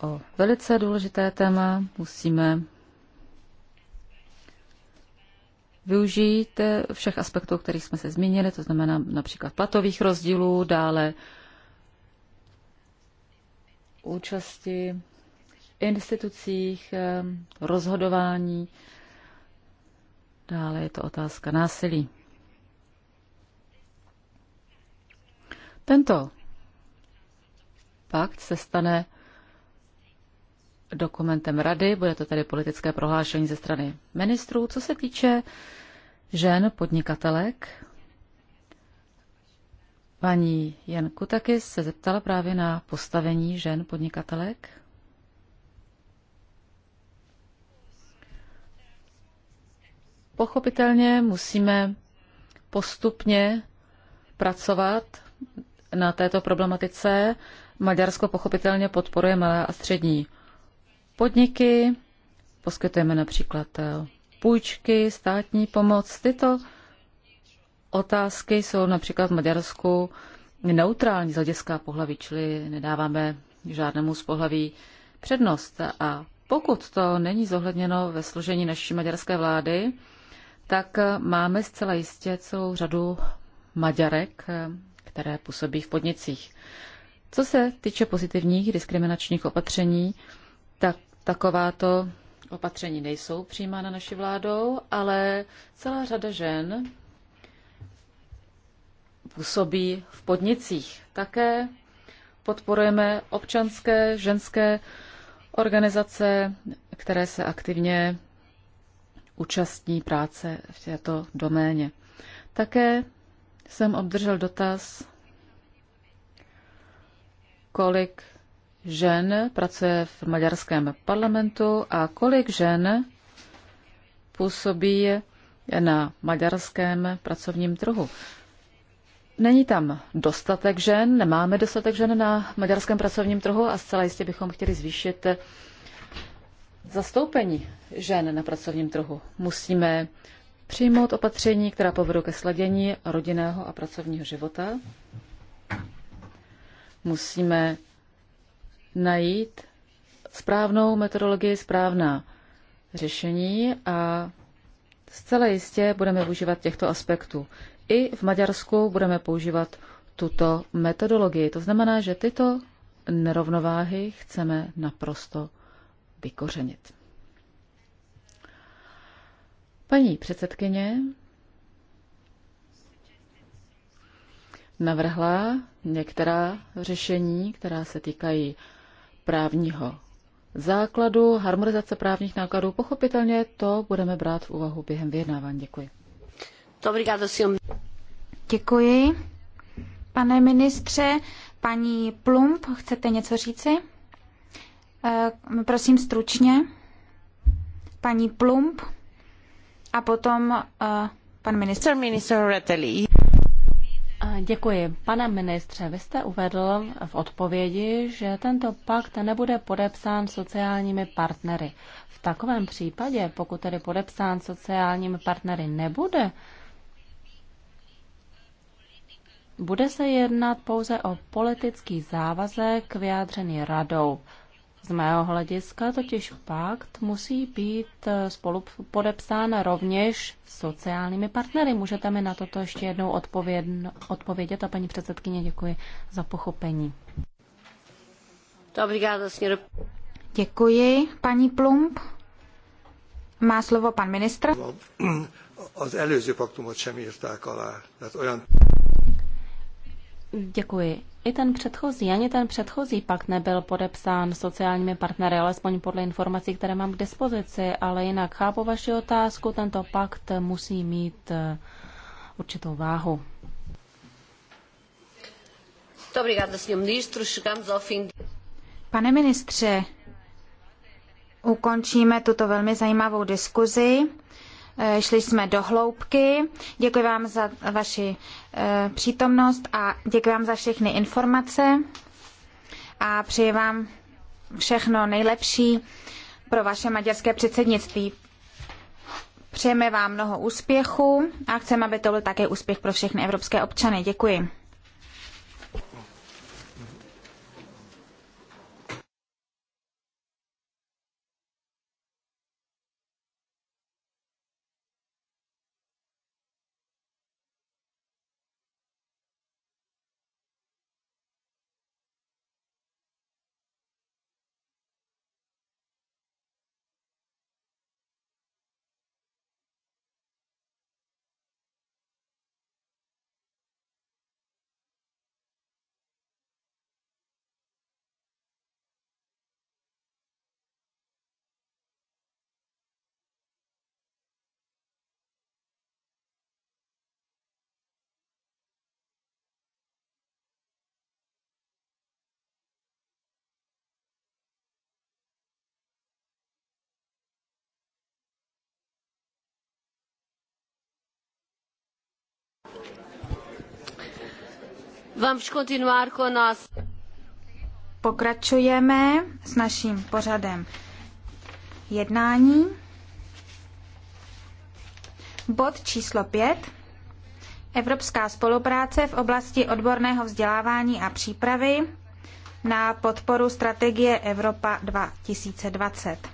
o velice důležité téma. Musíme využít eh, všech aspektů, kterých jsme se zmínili, to znamená například platových rozdílů, dále účasti institucích, eh, rozhodování. Dále je to otázka násilí. Tento pakt se stane dokumentem rady, bude to tedy politické prohlášení ze strany ministrů. Co se týče žen podnikatelek, paní Jan Kutakis se zeptala právě na postavení žen podnikatelek. Pochopitelně musíme postupně pracovat na této problematice. Maďarsko pochopitelně podporuje malé a střední podniky, poskytujeme například eh, půjčky, státní pomoc. Tyto otázky jsou například v Maďarsku neutrální z hlediska pohlaví, čili nedáváme žádnému z pohlaví přednost. A pokud to není zohledněno ve složení naší maďarské vlády, tak eh, máme zcela jistě celou řadu Maďarek, eh, které působí v podnicích. Co se týče pozitivních diskriminačních opatření, tak takováto opatření nejsou přijímána naší vládou, ale celá řada žen působí v podnicích. Také podporujeme občanské ženské organizace, které se aktivně účastní práce v této doméně. Také jsem obdržel dotaz kolik žen pracuje v maďarském parlamentu a kolik žen působí na maďarském pracovním trhu. Není tam dostatek žen, nemáme dostatek žen na maďarském pracovním trhu a zcela jistě bychom chtěli zvýšit zastoupení žen na pracovním trhu. Musíme přijmout opatření, která povedou ke sladění rodinného a pracovního života. Musíme najít správnou metodologii, správná řešení a zcela jistě budeme využívat těchto aspektů. I v Maďarsku budeme používat tuto metodologii. To znamená, že tyto nerovnováhy chceme naprosto vykořenit. Paní předsedkyně navrhla některá řešení, která se týkají právního základu, harmonizace právních nákladů. Pochopitelně to budeme brát v úvahu během vyjednávání. Děkuji. Děkuji. Pane ministře, paní Plump, chcete něco říci? Eh, prosím stručně. Paní Plump a potom eh, pan ministr. Minister Retelí. Děkuji. Pane ministře, vy jste uvedl v odpovědi, že tento pakt nebude podepsán sociálními partnery. V takovém případě, pokud tedy podepsán sociálními partnery nebude, bude se jednat pouze o politický závazek vyjádřený radou. Z mého hlediska totiž pakt musí být eh, spolu podepsán rovněž sociálními partnery. Můžete mi na toto ještě jednou odpověd, odpovědět a paní předsedkyně děkuji za pochopení. Děkuji, paní Plump. Má slovo pan ministr. Děkuji. I ten předchozí, ani ten předchozí pakt nebyl podepsán sociálními partnery, alespoň podle informací, které mám k dispozici, ale jinak chápu vaši otázku, tento pakt musí mít eh, určitou váhu. Pane ministře, ukončíme tuto velmi zajímavou diskuzi. Eh, šli jsme do hloubky. Děkuji vám za vaši eh, přítomnost a děkuji vám za všechny informace a přeji vám všechno nejlepší pro vaše maďarské předsednictví. Přejeme vám mnoho úspěchu a chceme, aby to byl také úspěch pro všechny evropské občany. Děkuji. Vamos continuar Pokračujeme s naším pořadem jednání. Bod číslo 5. Evropská spolupráce v oblasti odborného vzdělávání a přípravy na podporu strategie Evropa 2020.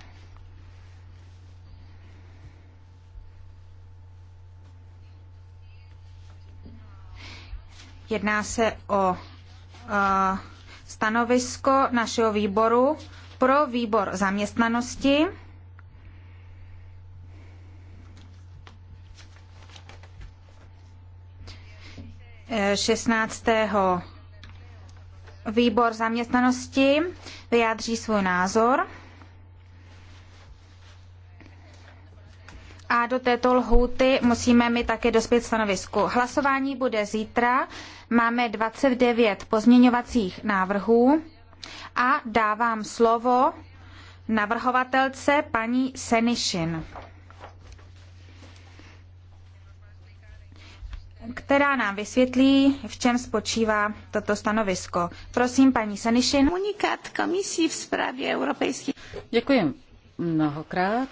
Jedná se o eh, stanovisko našeho výboru pro výbor zaměstnanosti. Eh, šestnáctého výbor zaměstnanosti vyjádří svůj názor. A do této lhůty musíme my také dospět stanovisku. Hlasování bude zítra. Máme 29 pozměňovacích návrhů a dávám slovo navrhovatelce paní Senišin, která nám vysvětlí, v čem spočívá toto stanovisko. Prosím, paní Senišin. Unikát komisí v zprávě Děkuji mnohokrát.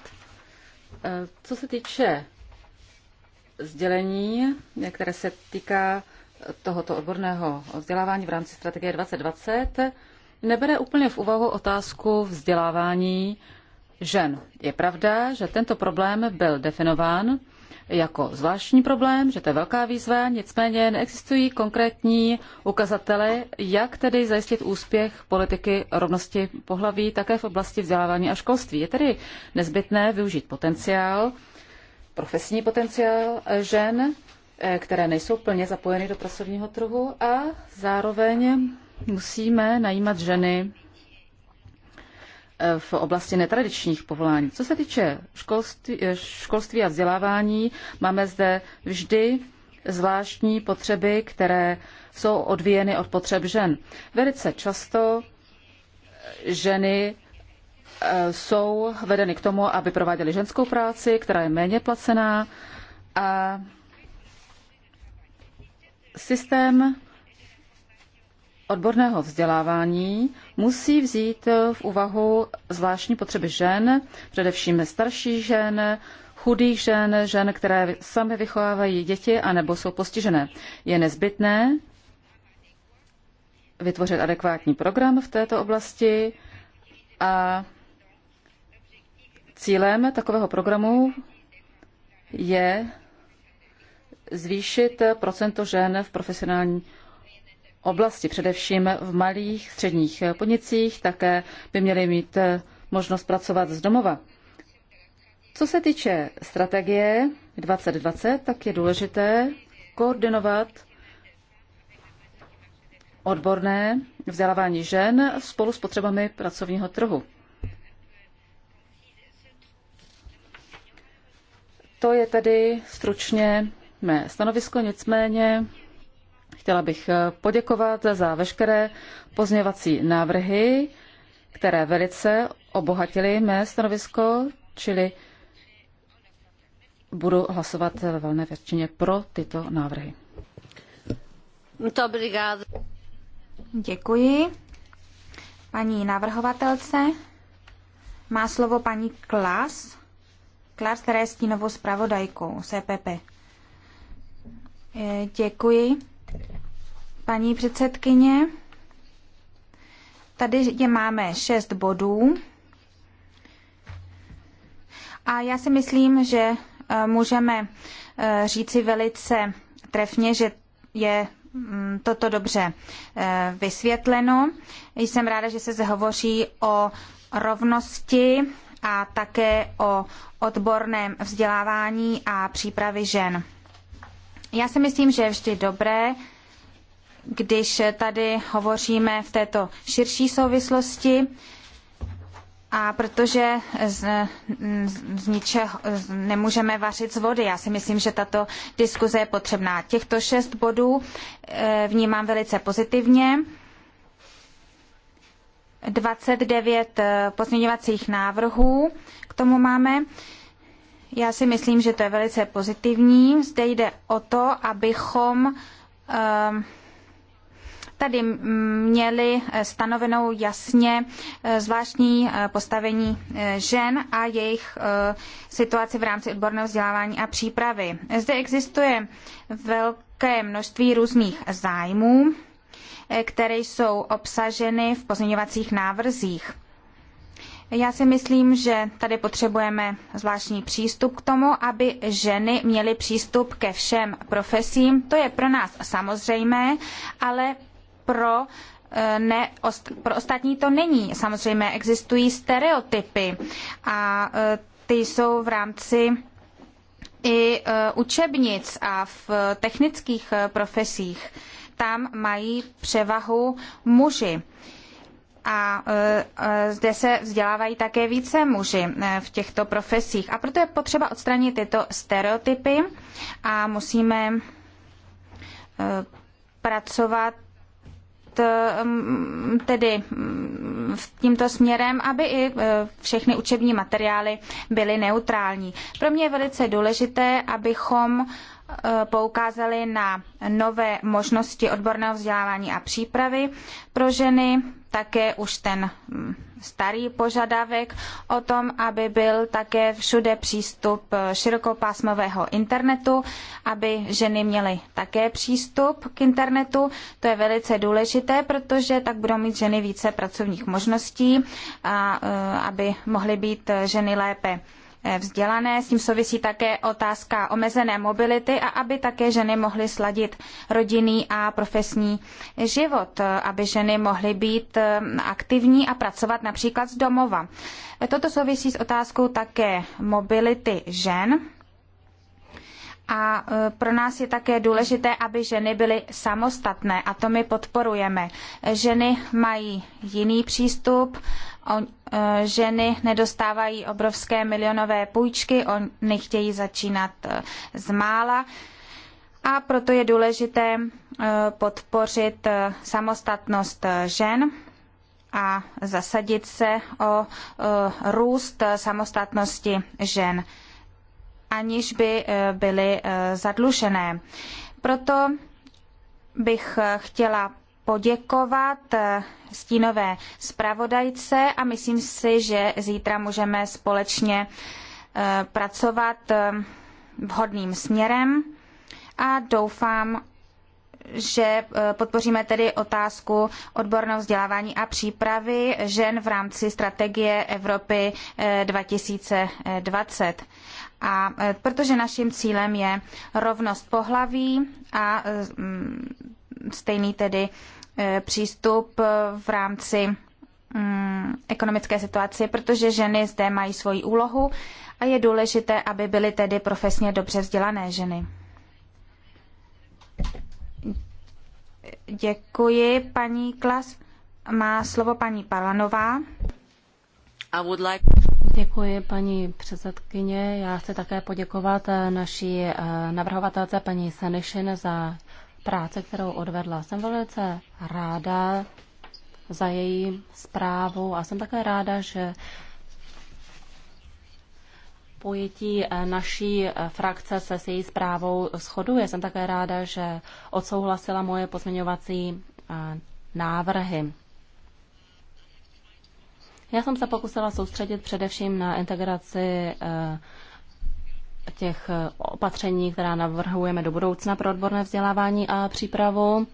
E, co se týče sdělení, které se týká tohoto odborného vzdělávání v rámci strategie 2020 nebere úplně v úvahu otázku vzdělávání žen. Je pravda, že tento problém byl definován jako zvláštní problém, že to je velká výzva, nicméně neexistují konkrétní ukazatele, jak tedy zajistit úspěch politiky rovnosti pohlaví také v oblasti vzdělávání a školství. Je tedy nezbytné využít potenciál, profesní potenciál žen Eh, které nejsou plně zapojeny do pracovního trhu a zároveň musíme najímat ženy eh, v oblasti netradičních povolání. Co se týče školství, eh, školství a vzdělávání, máme zde vždy zvláštní potřeby, které jsou odvíjeny od potřeb žen. Velice často ženy jsou vedeny k tomu, aby prováděly ženskou práci, která je méně placená a Systém odborného vzdělávání musí vzít v úvahu zvláštní potřeby žen, především starších žen, chudých žen, žen, které sami vychovávají děti anebo jsou postižené. Je nezbytné vytvořit adekvátní program v této oblasti a cílem takového programu je zvýšit procento žen v profesionální oblasti, především v malých středních podnicích, také by měly mít možnost pracovat z domova. Co se týče strategie 2020, tak je důležité koordinovat odborné vzdělávání žen spolu s potřebami pracovního trhu. To je tedy stručně mé stanovisko, nicméně chtěla bych poděkovat za veškeré pozměvací návrhy, které velice obohatily mé stanovisko, čili budu hlasovat ve velné většině pro tyto návrhy. Děkuji. Paní navrhovatelce má slovo paní Klas, Klas, která je stínovou zpravodajkou CPP. Eh, děkuji. Paní předsedkyně, tady je máme šest bodů a já si myslím, že eh, můžeme eh, říci velice trefně, že je mm, toto dobře vysvětleno. Jsem ráda, že se hovoří o rovnosti a také o odborném vzdělávání a přípravy žen. Já si myslím, že je vždy dobré, když tady hovoříme v této širší souvislosti, a protože z, z ničeho z, nemůžeme vařit z vody, já si myslím, že tato diskuze je potřebná. Těchto šest bodů e, vnímám velice pozitivně. 29 eh, pozměňovacích návrhů k tomu máme. E, já si myslím, že to je velice pozitivní. Zde jde o to, abychom ehm, tady měli stanovenou jasně eh, zvláštní eh, postavení eh, žen a jejich situaci v rámci odborného vzdělávání a přípravy. Zde existuje velké množství různých zájmů, které jsou obsaženy v pozměňovacích návrzích. Já si myslím, že tady potřebujeme zvláštní přístup k tomu, aby ženy měly přístup ke všem profesím. To je pro nás samozřejmé, ale pro e, ne, pro ostatní to není. Samozřejmě existují stereotypy a e, ty jsou v rámci i e, učebnic a v technických profesích. Tam mají převahu muži a e, e, zde se vzdělávají také více muži e, v těchto profesích. A proto je potřeba odstranit tyto stereotypy a musíme pracovat tedy tímto směrem, aby i všechny učební materiály byly neutrální. Pro mě je velice důležité, abychom poukázali na nové možnosti odborného vzdělávání a přípravy pro ženy, také už ten mm, starý požadavek o tom, aby byl také všude přístup eh, širokopásmového internetu, aby ženy měly také přístup k internetu. To je velice důležité, protože tak budou mít ženy více pracovních možností a eh, aby mohly být eh, ženy lépe Eh, vzdělané. S tím souvisí také otázka omezené mobility a aby také ženy mohly sladit rodinný a profesní život, aby ženy mohly být eh, aktivní a pracovat například z domova. Toto souvisí s otázkou také mobility žen. A eh, pro nás je také důležité, aby ženy byly samostatné a to my podporujeme. Ženy mají jiný přístup E, ženy nedostávají obrovské milionové půjčky, oni chtějí začínat e, z mála a proto je důležité e, podpořit samostatnost žen a zasadit se o růst samostatnosti žen, aniž by byly zadlužené. Proto bych chtěla poděkovat eh, stínové zpravodajce a myslím si, že zítra můžeme společně eh, pracovat eh, vhodným směrem a doufám, že podpoříme tedy otázku odborného vzdělávání a přípravy žen v rámci strategie Evropy 2020. A protože naším cílem je rovnost pohlaví a stejný tedy Eh, přístup eh, v rámci mm, ekonomické situace, protože ženy zde mají svoji úlohu a je důležité, aby byly tedy profesně dobře vzdělané ženy. Děkuji, paní Klas. Má slovo paní Palanová. Like... Děkuji, paní předsedkyně. Já chci také poděkovat eh, naší navrhovatelce, paní Sanišin, za práce, kterou odvedla. Jsem velice ráda za její zprávu a jsem také ráda, že pojetí eh, naší eh, frakce se s její zprávou shoduje. Jsem také ráda, že odsouhlasila moje pozměňovací eh, návrhy. Já jsem se pokusila soustředit především na integraci těch eh, opatření, která navrhujeme do budoucna pro odborné vzdělávání a přípravu.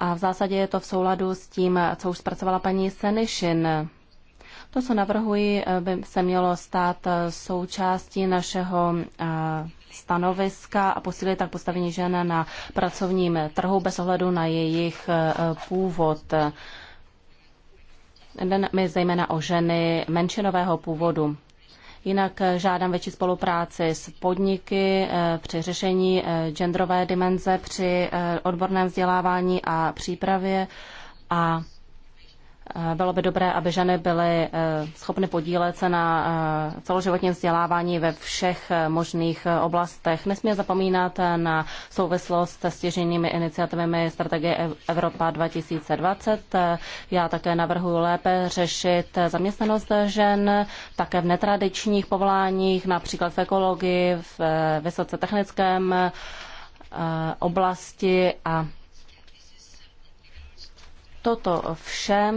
A v zásadě je to v souladu s tím, co už zpracovala paní Senyšin. To, co navrhuji, eh, by se mělo stát eh, součástí našeho stanoviska a posílit tak postavení žen na pracovním trhu bez ohledu na jejich původ. Jde mi zejména o ženy menšinového původu. Jinak eh, žádám větší spolupráci s podniky eh, při řešení eh, genderové dimenze, při odborném vzdělávání a přípravě a bylo by dobré, aby ženy byly eh, schopny podílet se na eh, celoživotním vzdělávání ve všech eh, možných oblastech. Nesmí zapomínat na souvislost se stěžejními iniciativami strategie Evropa 2020. Já také navrhuji lépe řešit zaměstnanost žen také v netradičních povoláních, například v ekologii, v vysoce technickém oblasti a Toto vše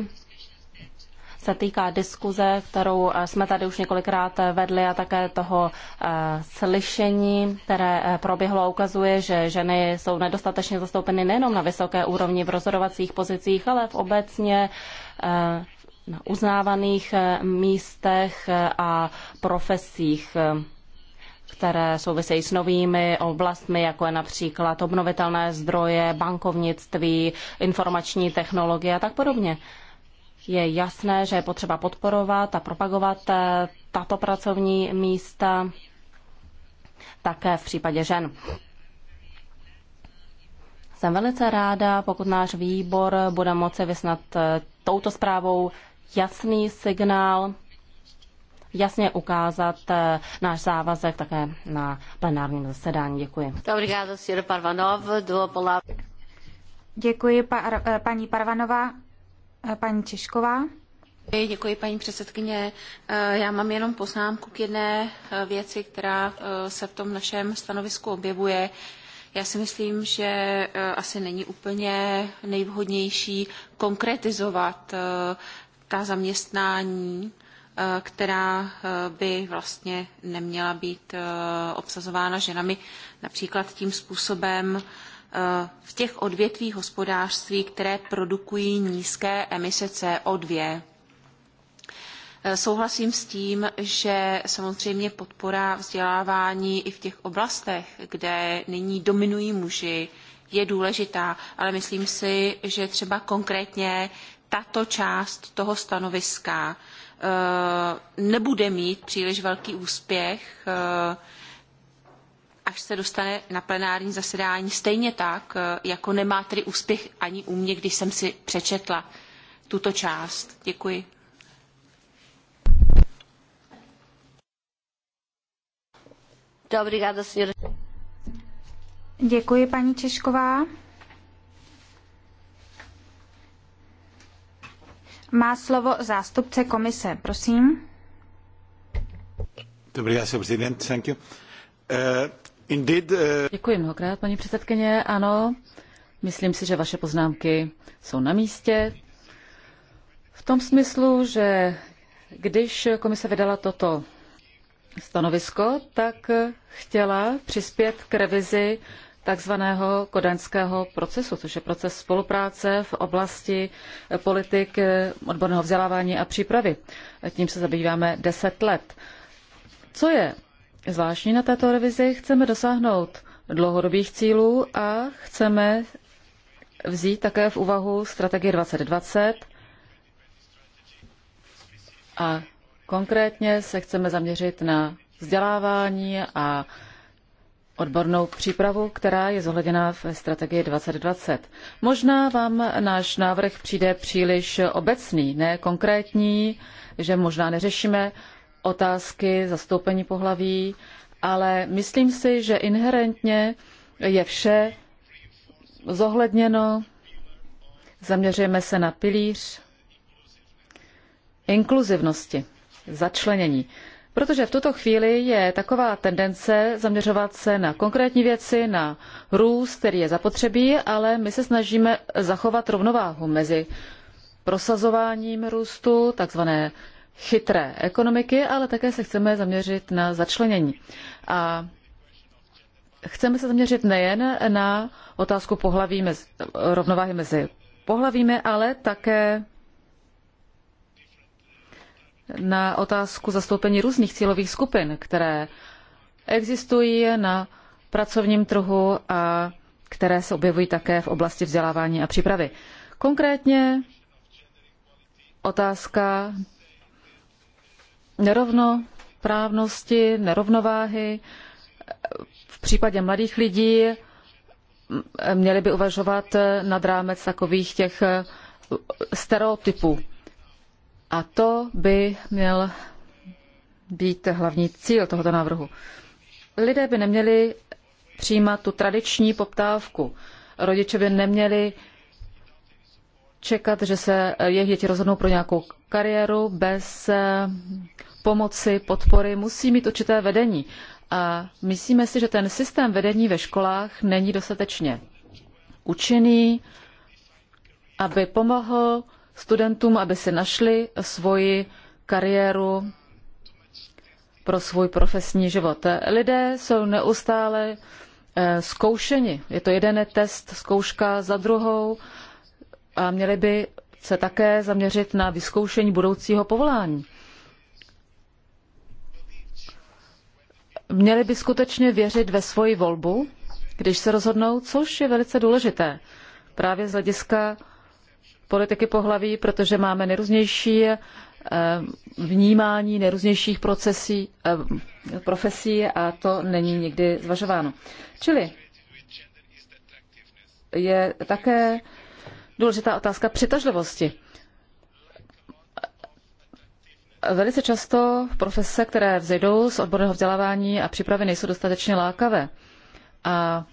se týká diskuze, kterou eh, jsme tady už několikrát eh, vedli a také toho eh, slyšení, které proběhlo ukazuje, že ženy jsou nedostatečně zastoupeny nejenom na vysoké úrovni v rozhodovacích pozicích, ale v obecně na uznávaných místech a profesích které souvisejí s novými oblastmi, jako je například obnovitelné zdroje, bankovnictví, informační technologie a tak podobně. Je jasné, že je potřeba podporovat a propagovat eh, tato pracovní místa také v případě žen. Jsem velice ráda, pokud náš výbor bude moci vysnat eh, touto zprávou jasný signál jasně ukázat eh, náš závazek také na plenárním zasedání. Děkuji. Děkuji, pa, eh, paní Parvanová. Eh, paní Češková. Děkuji, paní předsedkyně. Já mám jenom poznámku k jedné věci, která se v tom našem stanovisku objevuje. Já si myslím, že asi není úplně nejvhodnější konkretizovat ta zaměstnání, Eh, která eh, by vlastně neměla být eh, obsazována ženami například tím způsobem v těch odvětvích hospodářství, které produkují nízké emise CO2. Souhlasím s tím, že samozřejmě podpora vzdělávání i v těch oblastech, kde nyní dominují muži, je důležitá, ale myslím si, že třeba konkrétně tato část toho stanoviska Eh, nebude mít příliš velký úspěch, eh, až se dostane na plenární zasedání stejně tak, eh, jako nemá tedy úspěch ani u mě, když jsem si přečetla tuto část. Děkuji. Děkuji, paní Češková. Má slovo zástupce komise, prosím. Dobrý den, thank you. Eh, indeed, eh, Děkuji mnohokrát, paní předsedkyně. Ano, myslím si, že vaše poznámky jsou na místě. V tom smyslu, že když komise vydala toto stanovisko, tak chtěla přispět k revizi takzvaného kodaňského procesu, což je proces spolupráce v oblasti politik eh, odborného vzdělávání a přípravy. Tím se zabýváme deset let. Co je zvláštní na této revizi? Chceme dosáhnout dlouhodobých cílů a chceme vzít také v úvahu strategii 2020 a konkrétně se chceme zaměřit na vzdělávání a odbornou přípravu, která je zohleděna v strategii 2020. Možná vám náš návrh přijde příliš obecný, ne konkrétní, že možná neřešíme otázky zastoupení pohlaví, ale myslím si, že inherentně je vše zohledněno, zaměřujeme se na pilíř inkluzivnosti, začlenění. Protože v tuto chvíli je taková tendence zaměřovat se na konkrétní věci, na růst, který je zapotřebí, ale my se snažíme zachovat rovnováhu mezi prosazováním růstu, takzvané chytré ekonomiky, ale také se chceme zaměřit na začlenění. A chceme se zaměřit nejen na otázku pohlaví mezi, rovnováhy mezi pohlavími, ale také na otázku zastoupení různých cílových skupin, které existují na pracovním trhu a které se objevují také v oblasti vzdělávání a přípravy. Konkrétně otázka nerovnoprávnosti, nerovnováhy. V případě mladých lidí měli by uvažovat nad rámec takových těch stereotypů a to by měl být hlavní cíl tohoto návrhu. Lidé by neměli přijímat tu tradiční poptávku. Rodiče by neměli čekat, že se jejich děti rozhodnou pro nějakou kariéru bez eh, pomoci, podpory. Musí mít určité vedení. A myslíme si, že ten systém vedení ve školách není dostatečně účinný, aby pomohl studentům, aby si našli svoji kariéru pro svůj profesní život. Lidé jsou neustále eh, zkoušeni. Je to jeden test, zkouška za druhou a měli by se také zaměřit na vyzkoušení budoucího povolání. Měli by skutečně věřit ve svoji volbu, když se rozhodnou, což je velice důležité právě z hlediska politiky pohlaví, protože máme nejrůznější eh, vnímání nejrůznějších procesí, eh, profesí a to není nikdy zvažováno. Čili je také důležitá otázka přitažlivosti. Velice často profese, které vzejdou z odborného vzdělávání a přípravy, nejsou dostatečně lákavé. A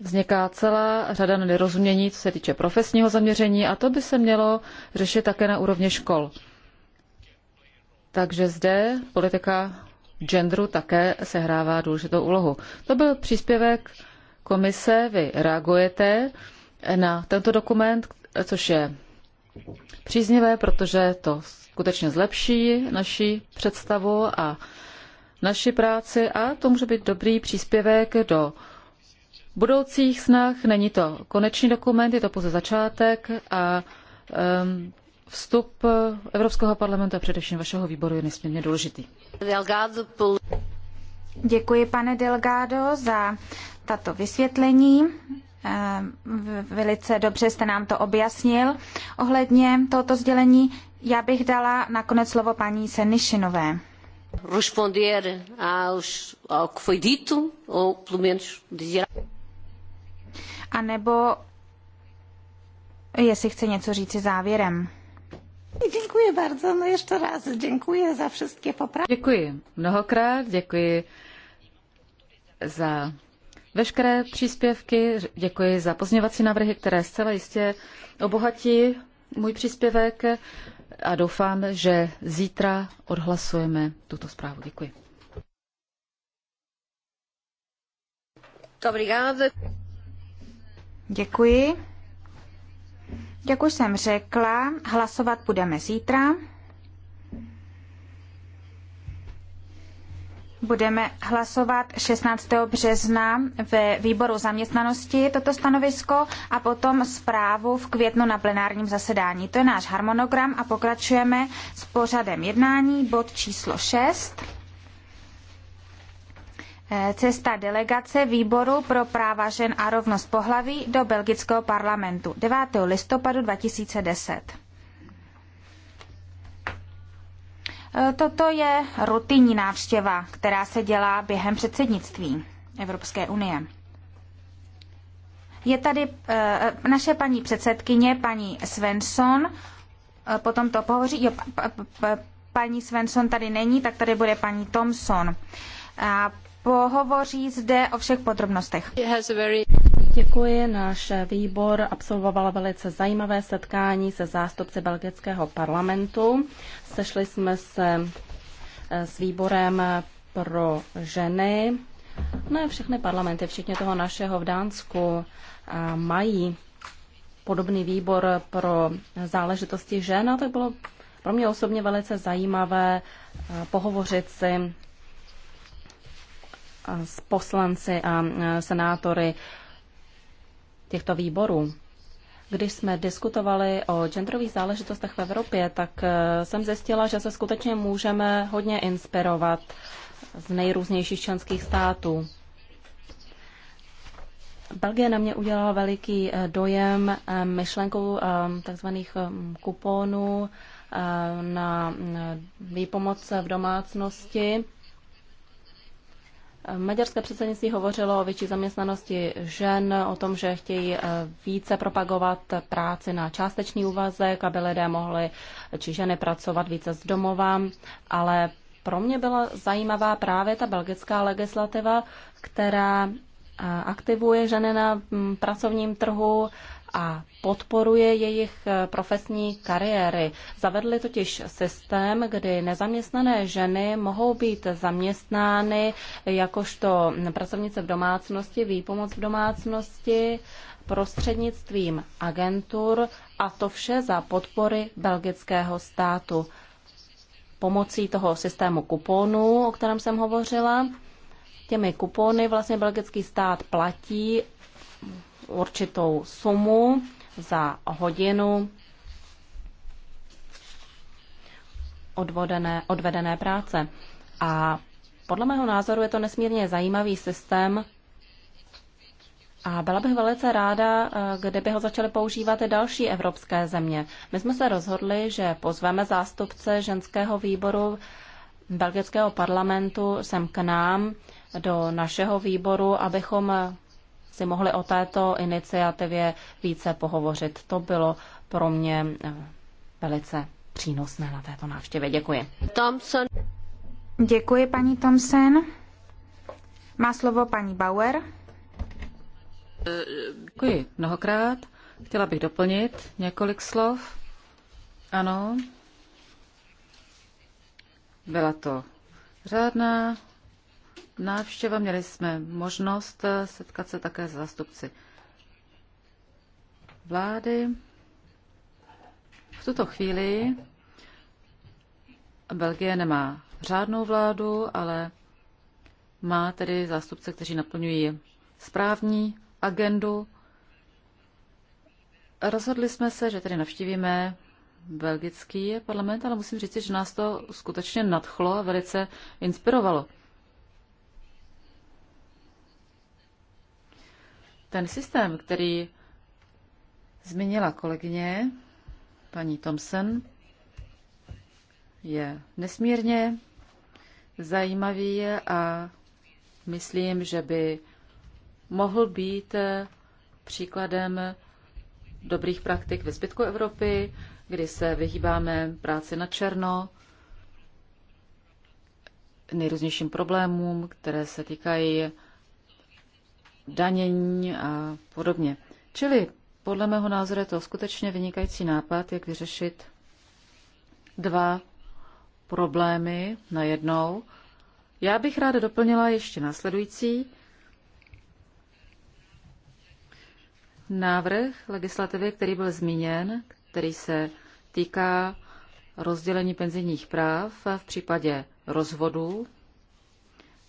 vzniká celá řada nerozumění, co se týče profesního zaměření, a to by se mělo řešit také na úrovni škol. Takže zde politika genderu také sehrává důležitou úlohu. To byl příspěvek komise, vy reagujete na tento dokument, což je příznivé, protože to skutečně zlepší naši představu a naši práci a to může být dobrý příspěvek do budoucích snah. Není to konečný dokument, je to pouze začátek a um, vstup Evropského parlamentu a především vašeho výboru je nesmírně důležitý. Děkuji, pane Delgado, za tato vysvětlení. Velice dobře jste nám to objasnil. Ohledně tohoto sdělení já bych dala nakonec slovo paní Senišinové. Responder ao que foi dito, ou pelo menos dizer Anebo, jestli chce něco říci závěrem. Děkuji bardzo, no ještě raz děkuji za všechny popravy. Děkuji mnohokrát, děkuji za veškeré příspěvky, děkuji za pozměňovací návrhy, které zcela jistě obohatí můj příspěvek a doufám, že zítra odhlasujeme tuto zprávu. Děkuji. Dobrý Děkuji. Jak už jsem řekla, hlasovat budeme zítra. Budeme hlasovat 16. března ve výboru zaměstnanosti toto stanovisko a potom zprávu v květnu na plenárním zasedání. To je náš harmonogram a pokračujeme s pořadem jednání, bod číslo 6. Eh, cesta delegace výboru pro práva žen a rovnost pohlaví do belgického parlamentu 9. listopadu 2010. Eh, toto je rutinní návštěva, která se dělá během předsednictví Evropské unie. Je tady eh, naše paní předsedkyně, paní Svensson, potom to pohoří, jo, paní Svensson tady není, tak tady bude paní Thomson. A pohovoří zde o všech podrobnostech. Děkuji. Náš výbor absolvoval velice zajímavé setkání se zástupci belgického parlamentu. Sešli jsme se eh, s výborem pro ženy. Ne no všechny parlamenty, včetně toho našeho v Dánsku, mají podobný výbor pro záležitosti žen a to bylo pro mě osobně velice zajímavé eh, pohovořit si s poslanci a e, senátory těchto výborů. Když jsme diskutovali o genderových záležitostech v Evropě, tak e, jsem zjistila, že se skutečně můžeme hodně inspirovat z nejrůznějších členských států. Belgie na mě udělala veliký e, dojem myšlenkou takzvaných kuponů na výpomoc v domácnosti. Maďarské předsednictví hovořilo o větší zaměstnanosti žen, o tom, že chtějí eh, více propagovat práci na částečný úvazek, aby lidé mohli či ženy pracovat více z domova, ale pro mě byla zajímavá právě ta belgická legislativa, která eh, aktivuje ženy na mm, pracovním trhu, a podporuje jejich eh, profesní kariéry. Zavedli totiž systém, kdy nezaměstnané ženy mohou být zaměstnány jakožto pracovnice v domácnosti, výpomoc v domácnosti prostřednictvím agentur a to vše za podpory belgického státu. Pomocí toho systému kuponů, o kterém jsem hovořila, těmi kupony vlastně belgický stát platí určitou sumu za hodinu odvodené, odvedené práce. A podle mého názoru je to nesmírně zajímavý systém a byla bych velice ráda, eh, kdyby ho začaly používat i další evropské země. My jsme se rozhodli, že pozveme zástupce ženského výboru belgického parlamentu sem k nám do našeho výboru, abychom si mohli o této iniciativě více pohovořit. To bylo pro mě eh, velice přínosné na této návštěvě. Děkuji. Thompson. Děkuji, paní Thompson. Má slovo paní Bauer. Děkuji mnohokrát. Chtěla bych doplnit několik slov. Ano, byla to řádná návštěva. Měli jsme možnost eh, setkat se také s zástupci vlády. V tuto chvíli Belgie nemá řádnou vládu, ale má tedy zástupce, kteří naplňují správní agendu. Rozhodli jsme se, že tedy navštívíme belgický parlament, ale musím říct, že nás to skutečně nadchlo a velice inspirovalo. Ten systém, který zmínila kolegyně, paní Thompson, je nesmírně zajímavý a myslím, že by mohl být příkladem dobrých praktik ve zbytku Evropy, kdy se vyhýbáme práci na černo, nejrůznějším problémům, které se týkají danění a podobně. Čili podle mého názoru je to skutečně vynikající nápad, jak vyřešit dva problémy najednou. Já bych ráda doplnila ještě následující. Návrh legislativy, který byl zmíněn, který se týká rozdělení penzijních práv v případě rozvodu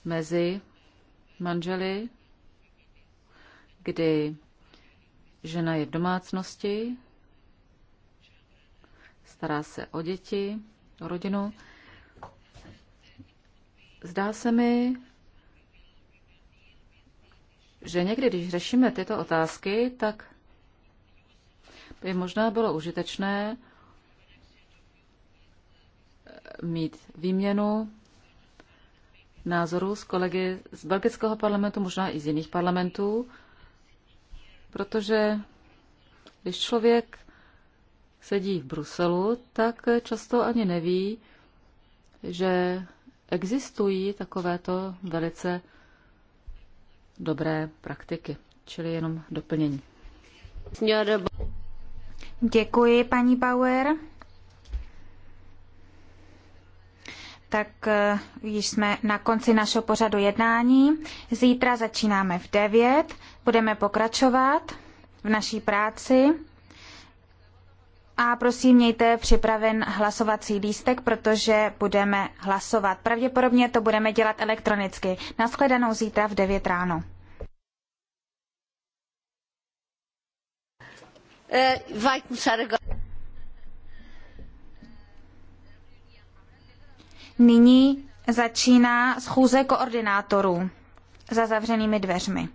mezi manželi kdy žena je v domácnosti, stará se o děti, o rodinu. Zdá se mi, že někdy, když řešíme tyto otázky, tak by možná bylo užitečné eh, mít výměnu názorů s kolegy z belgického parlamentu, možná i z jiných parlamentů, protože když člověk sedí v Bruselu, tak často ani neví, že existují takovéto velice dobré praktiky, čili jenom doplnění. Děkuji, paní Bauer. tak eh, již jsme na konci našeho pořadu jednání. Zítra začínáme v 9, budeme pokračovat v naší práci. A prosím, mějte připraven hlasovací lístek, protože budeme hlasovat. Pravděpodobně to budeme dělat elektronicky. Naschledanou zítra v 9 ráno. Eh, Nyní začíná schůze koordinátorů za zavřenými dveřmi.